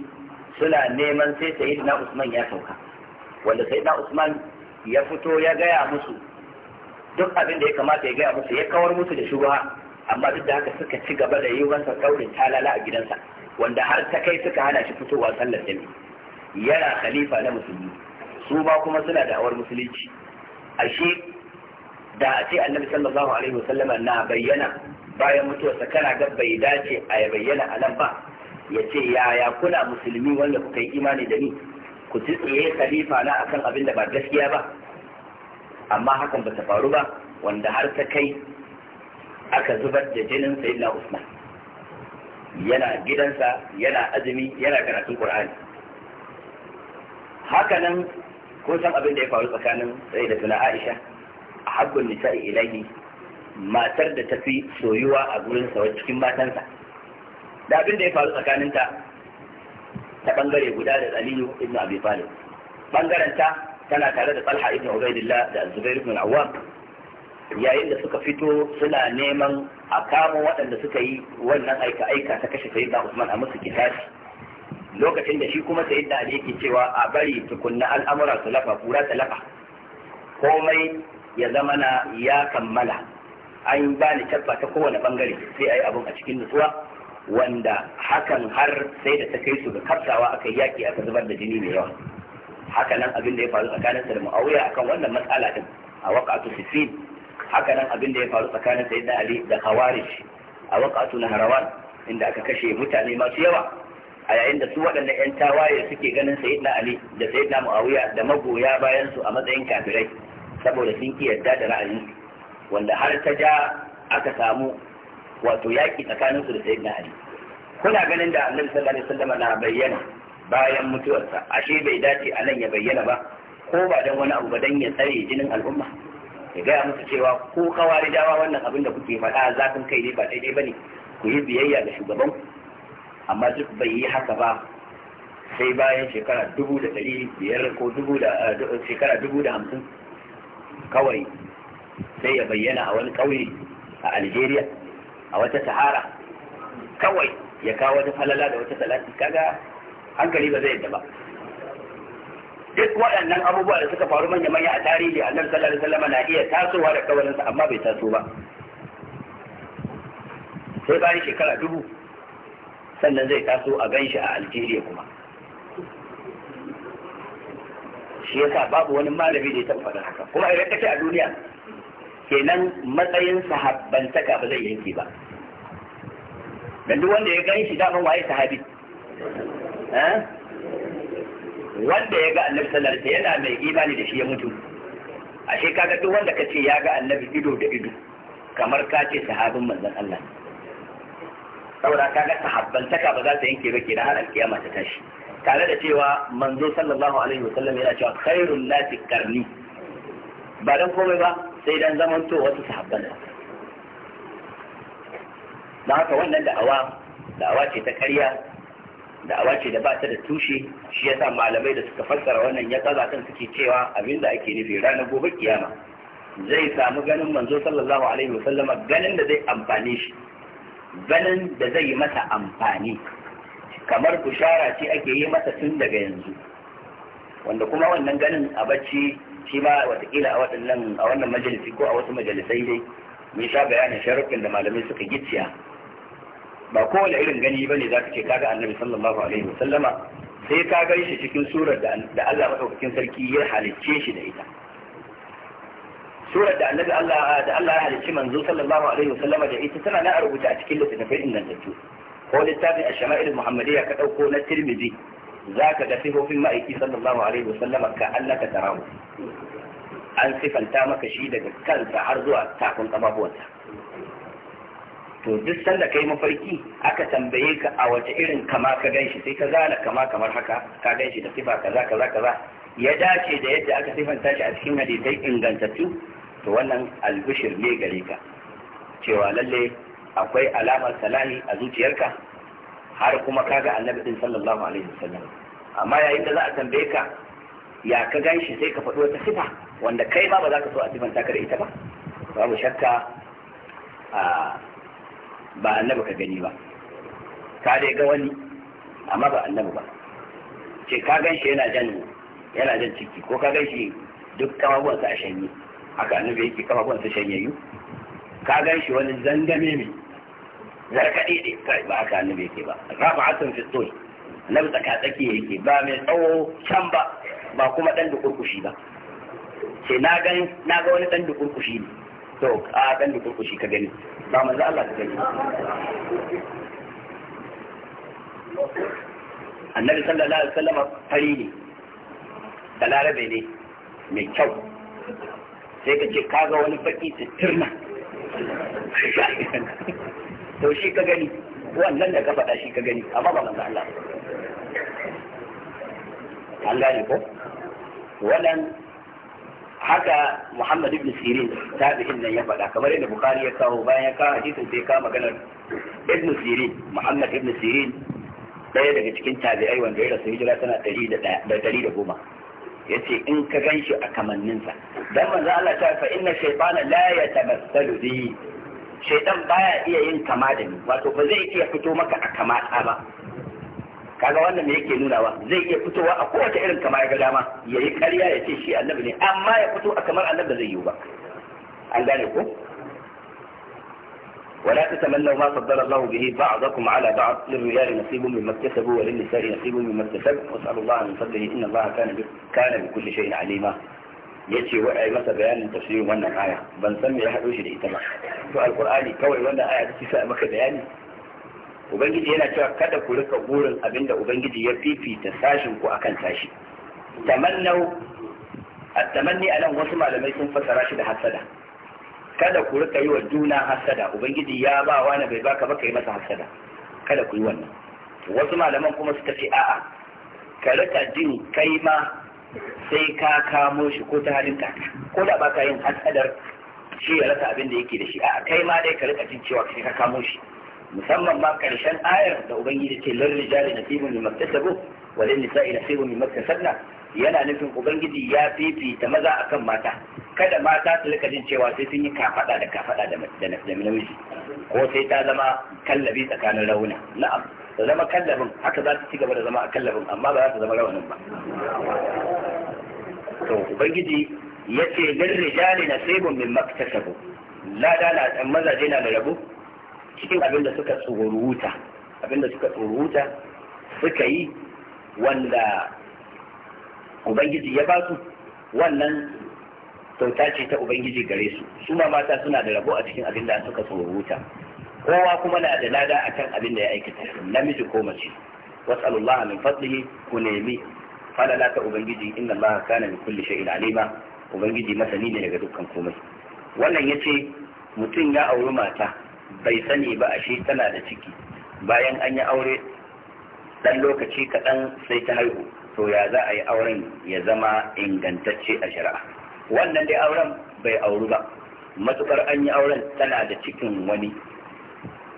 suna neman sai sayyidina usman ya sauka wanda sayyidina usman ya fito ya gaya musu duk abin da ya kamata ya gaya musu ya kawar musu da shugaba, amma duk da haka suka ci gaba da yi wasa kaurin talala a gidansa wanda har ta kai suka hana shi fitowa sallar jami'a yana khalifa na musulmi su ba kuma suna da awar musulunci ashe da a ce annabi sallallahu alaihi wasallama na bayyana bayan mutuwarsa kana ga bai dace a ya bayyana a nan ba ya ce yaya kuna musulmi wanda kuka yi imani da ni ku ci tsaye khalifa na akan abin da ba gaskiya ba amma hakan ba ta faru ba wanda har ta kai aka zubar da jinin sayyidina usman yana gidansa yana azumi yana karatun qur'ani haka nan kun san abin da ya faru tsakanin sai da tuna Aisha a hakkun nisa'i ilahi matar da ta fi soyuwa a gurin sa cikin matansa da abin da ya faru tsakanin ta bangare guda da Aliyu ibn Abi Talib bangaren ta tana tare da Talha ibn Ubaidillah da Zubair ibn Awwam yayin da suka fito suna neman a kamo waɗanda suka yi wannan aika-aika ta kashe sayyidina Usman a musu kitabi lokacin da shi kuma sai da ke cewa a bari tukunna al'amura su lafa kura ta lafa komai ya zama na ya kammala an ba ni tabba ta kowane bangare sai ayi abun a cikin nutsuwa wanda hakan har sai da ta kai su ga kafsawa aka yaki aka zubar da jini mai yawa haka nan abin da ya faru tsakanin da mu'awiya akan wannan matsala din a waqatu sifin haka nan abin da ya faru tsakanin sayyidina ali da khawarij a waqatu nahrawan inda aka kashe mutane masu yawa a yayin da su waɗannan 'yan tawaye suke ganin na ali da na muawiya da magoya bayan su a matsayin kafirai saboda sun ki yarda da ra'ayin wanda har ta ja aka samu wato yaƙi tsakanin su da na ali kuna ganin da annabi sallallahu alaihi wasallam na bayyana bayan mutuwarsa ashe bai dace a nan ya bayyana ba ko ba dan wani abu ba dan ya tsare jinin al'umma ya gaya musu cewa ko kawari dawa wannan abin da kuke faɗa zafin kai ne ba daidai bane ku yi biyayya ga shugaban amma duk bai yi haka ba sai bayan shekara dubu da ɗari biyar ko dubu da eh, shekara dubu da hamsin kawai sai ya bayyana a wani ƙauye a algeria a wata sahara kawai ya kawo wata falala da wata talati kaga hankali ba zai yadda ba duk waɗannan abubuwa da suka faru manya manya a tarihi nan sallallahu alaihi wasallam na iya tasowa da kawarinsa amma bai taso ba sai bayan shekara dubu sannan zai taso a ganshi a algeria kuma shi yasa babu wani malami da ya taɓa faɗa haka kuma idan kace a duniya kenan matsayin sahabbantaka ba zai yanke ba dan duk wanda ya gan shi daman waye sahabi eh? wanda ya ga annabi sallallahu alaihi yana mai imani da shi ya mutu ashe kaga duk wanda kace ya ga annabi ido da ido kamar ka ce sahabin manzon Allah saboda kaga sahabbantaka ba za ta yanke ba da har alkiyama ta tashi tare da cewa manzo sallallahu alaihi wa sallam, yana cewa khairul lati karni ba dan komai ba sai dan zamanto wasu sahabban da haka wannan da'awa da'awa ce ta ƙarya da'awa ce da ba ta da tushe shi yasa malamai da suka fassara wannan ya tsaza kan suke cewa abin da ake nufi ranar gobe kiyama zai samu ganin manzo sallallahu alaihi wa sallama ganin da zai amfane shi ganin da zai masa amfani kamar bushara ce ake yi masa tun daga yanzu wanda kuma wannan ganin a bacci shi ma watakila a waɗannan a wannan majalisi ko a wasu majalisai dai mai sha bayanin sharuɗin da malamai suka gicciya ba kowane irin gani ba ne za ka ce kaga annabi sallallahu alaihi wasallama sai ka gan shi cikin surar da Allah maɗaukakin sarki ya halicce shi da ita surar da annabi Allah da Allah ya halicci manzo sallallahu alaihi wasallam da ita tana na rubuta a cikin littafin ingantattu ko littafin ash-shama'il muhammadiyya ka dauko na tirmidhi zaka ga sifofin ma'aiki sallallahu alaihi wasallam ka annaka tarahu an sifanta maka shi daga kansa har zuwa takun kafafuwansa to duk sanda kai mafarki aka tambaye ka a wace irin kama ka ganshi sai ka zana kama kamar haka ka ganshi da sifa kaza kaza kaza ya dace da yadda aka sifanta shi a cikin hadisai ingantattu to wannan albishir ne gare ka cewa lalle akwai alamar salahi a zuciyarka har kuma kaga annabi din sallallahu alaihi wasallam amma yayin da za a tambaye ka ya ka ganshi sai ka faɗo wata sifa wanda kai ma ba za ka so a sifanta ka da ita ba babu shakka ba annabi ka gani ba ka dai ga wani amma ba annabi ba ce ka ganshi yana jan yana jan ciki ko ka ganshi duk kawawansa a shanye haka annabi yake kafafun sa shanyayyu ka gan shi wani zangame ne zarkaɗe ne kai ba haka annabi yake ba rafa'atun fi tsoyi annabi tsaka tsaki yake ba mai tsawo can ba ba kuma dan da kurkushi ba sai na ga na ga wani dan da kurkushi ne to a dan da kurkushi ka gani ba manzo Allah ka gani annabi sallallahu alaihi wasallam fari ne da larabe ne mai kyau sai ka ce kaga wani baki tirna to shi ka gani wannan da ka faɗa shi ka gani amma ba manzo Allah an gane ko wannan haka Muhammad ibn Sirin tabi'in nan ya faɗa kamar yadda Bukhari ya kawo bayan ya kawo hadisin sai ka maganar ibn Sirin Muhammad ibn Sirin ɗaya daga cikin tabi'ai wanda ya rasu hijira tana ɗari da goma yace in ka ganshi a kamanninsa dan manzo Allah ta fa inna shaytana la yatamassalu bi shaytan baya iya yin kama da ni wato ba zai iya fito maka a kamata ba kaga wannan me yake nunawa zai iya fitowa a kowace irin kama ya ga dama yayi ƙarya ya ce shi annabi ne amma ya fito a kamar annabi zai yi ba an gane ko ولا تتمنوا ما فضل الله به بعضكم على بعض للرجال نصيب مما اكتسبوا وللنساء نصيب مما اكتسبوا واسالوا الله من فضله ان الله كان كان بكل شيء عليما يجي واي مثل بيان تفسير وانا آية بنسمي لها دوشي لإتبع سؤال القرآني كوي وانا آية تسيسا مكة بياني وبنجد هنا جاء كدا كلك قول الأبندا وبنجد يبي في تساشن كو أكن تاشي تمنوا التمني ألم وصم على ميسون فتراشد حسده kada ku rika yi wa juna hasada ubangiji ya ba wani bai baka ba yi masa hasada kada ku yi wannan wasu malaman kuma suka ce a'a ka rika jin kai ma sai ka kamo shi ko ta halin ka ko da baka yin hasadar shi ya rasa abin da yake da shi a'a kai ma dai ka rika jin cewa sai ka kamo shi musamman ma karshen ayar da ubangiji ce lil rijali nasibun mimma kasabu wa nisa'i nasibun mimma kasabna yana nufin ubangiji ya fifita maza akan mata kada mata su rika jin cewa sai sun yi kafada da kafada da namiji ko sai ta zama kallabi tsakanin rauna na'am ta zama kallabin haka za ta ci gaba da zama a kallabin amma ba za ta zama raunin ba to ubangiji ya ce lil rijali nasibun min maktasabu lada na dan mazaje na da rabo cikin abin da suka wuta, abin da suka wuta, suka yi wanda ubangiji ya ba su wannan kyauta ce ta ubangiji gare su su ma mata suna da rabo a cikin abin da suka rubuta kowa kuma na da lada akan abin da ya aikata namiji ko mace was'alullaha min fadlihi ku nemi falala ta ubangiji inna allaha kana min kulli shay'in alima ubangiji masani ne daga dukkan komai wannan ya ce mutum ya auri mata bai sani ba ashe tana da ciki bayan an yi aure dan lokaci kaɗan sai ta haihu to ya za a yi auren ya zama ingantacce a shari'a wannan dai auren bai auru ba matukar an yi auren tana da cikin wani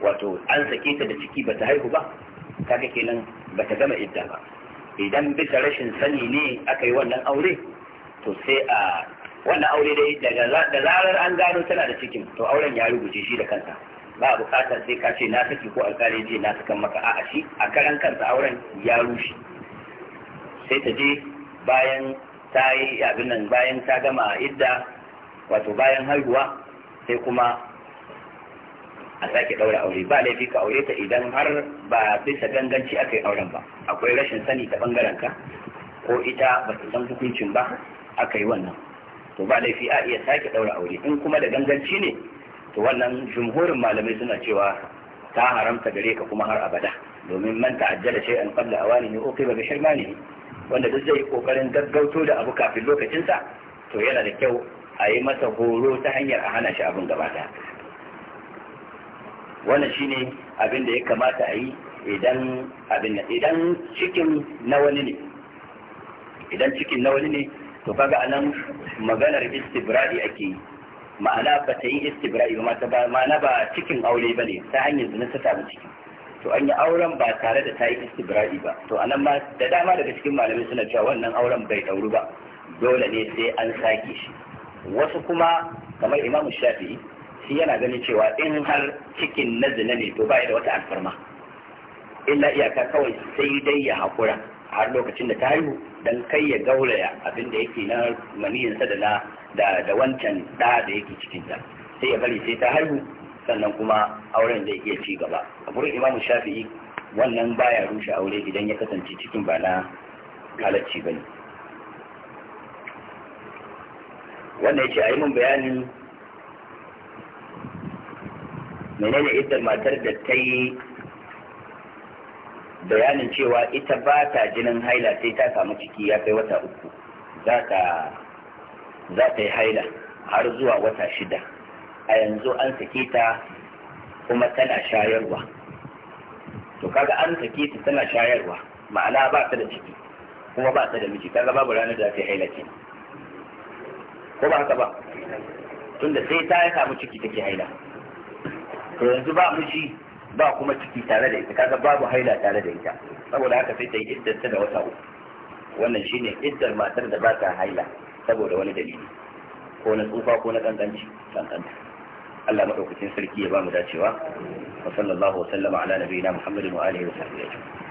wato an sake ta da ciki bata haihu ba kaga kenan bata gama idda ba idan bisa rashin sani ne aka yi wannan aure to sai a wannan aure dai da zarar an gano tana da cikin to auren ya rubuce shi da kansa ba bukatar sai ka ce na saki ko alkali jiya na sakan maka a'a shi a karan kansa auren ya rushe sai ta je bayan ta yi abin nan bayan ta gama idda wato bayan haihuwa sai kuma a sake ɗaura aure ba laifi ka aure ta idan har ba bisa ganganci aka yi auren ba akwai rashin sani ta bangaren ka ko ita ba ta san hukuncin ba aka yi wannan to ba laifi a iya sake ɗaura aure in kuma da ganganci ne to wannan jumhurin malamai suna cewa ta haramta gare ka kuma har abada domin man ta'ajjala shay'an qabla awanihi uqiba bi ne. wanda duk zai kokarin gaggauto da abu kafin lokacinsa to yana da kyau a yi masa horo ta hanyar a hana shi abin gaba ta wannan shine abin da ya kamata a yi idan abin idan cikin na wani ne idan cikin na wani ne to kaga anan maganar istibradi ake ma'ana ba ta yi istibradi ba ma'ana ba cikin aure bane ta hanyar zina ta samu cikin. to an yi auren ba tare da ta yi istibra'i ba to anan ma da dama daga cikin malamai suna cewa wannan auren bai dauru ba dole ne sai an sake shi wasu kuma kamar imamu shafi'i shi yana ganin cewa in har cikin na zina ne to bai da wata alfarma illa iyaka kawai sai dai ya hakura har lokacin da ta haihu dan kai ya gauraya abin da yake na maniyinsa da na da wancan da da yake cikinta sai ya bari sai ta haihu sannan kuma auren zai iya ci gaba a gurin imam shafi'i wannan baya rushe aure idan ya kasance cikin ba na halacci bane wannan a yi mun bayanin menene ita matar da ta yi bayanin cewa ita ba ta jinin haila sai ta samu ciki ya kai wata uku za ta yi haila har zuwa wata shida a yanzu an sake ta kuma tana shayarwa to kaga an sake ta tana shayarwa ma'ana ba ta da ciki kuma ba ta da miji kaga babu ranar da ta haila ce. ko ba haka ba tunda sai ta ya samu ciki take haila to yanzu ba miji ba kuma ciki tare da ita kaga babu haila tare da ita saboda haka sai ta yi iddar da wata uku wannan shine iddar matar da ba ta haila saboda wani dalili ko na tsufa ko na kankanci kankanta Allah madaukakin sarki ya ba mu dacewa wa sallallahu wa sallama ala nabiyina Muhammadin wa alihi wa sahbihi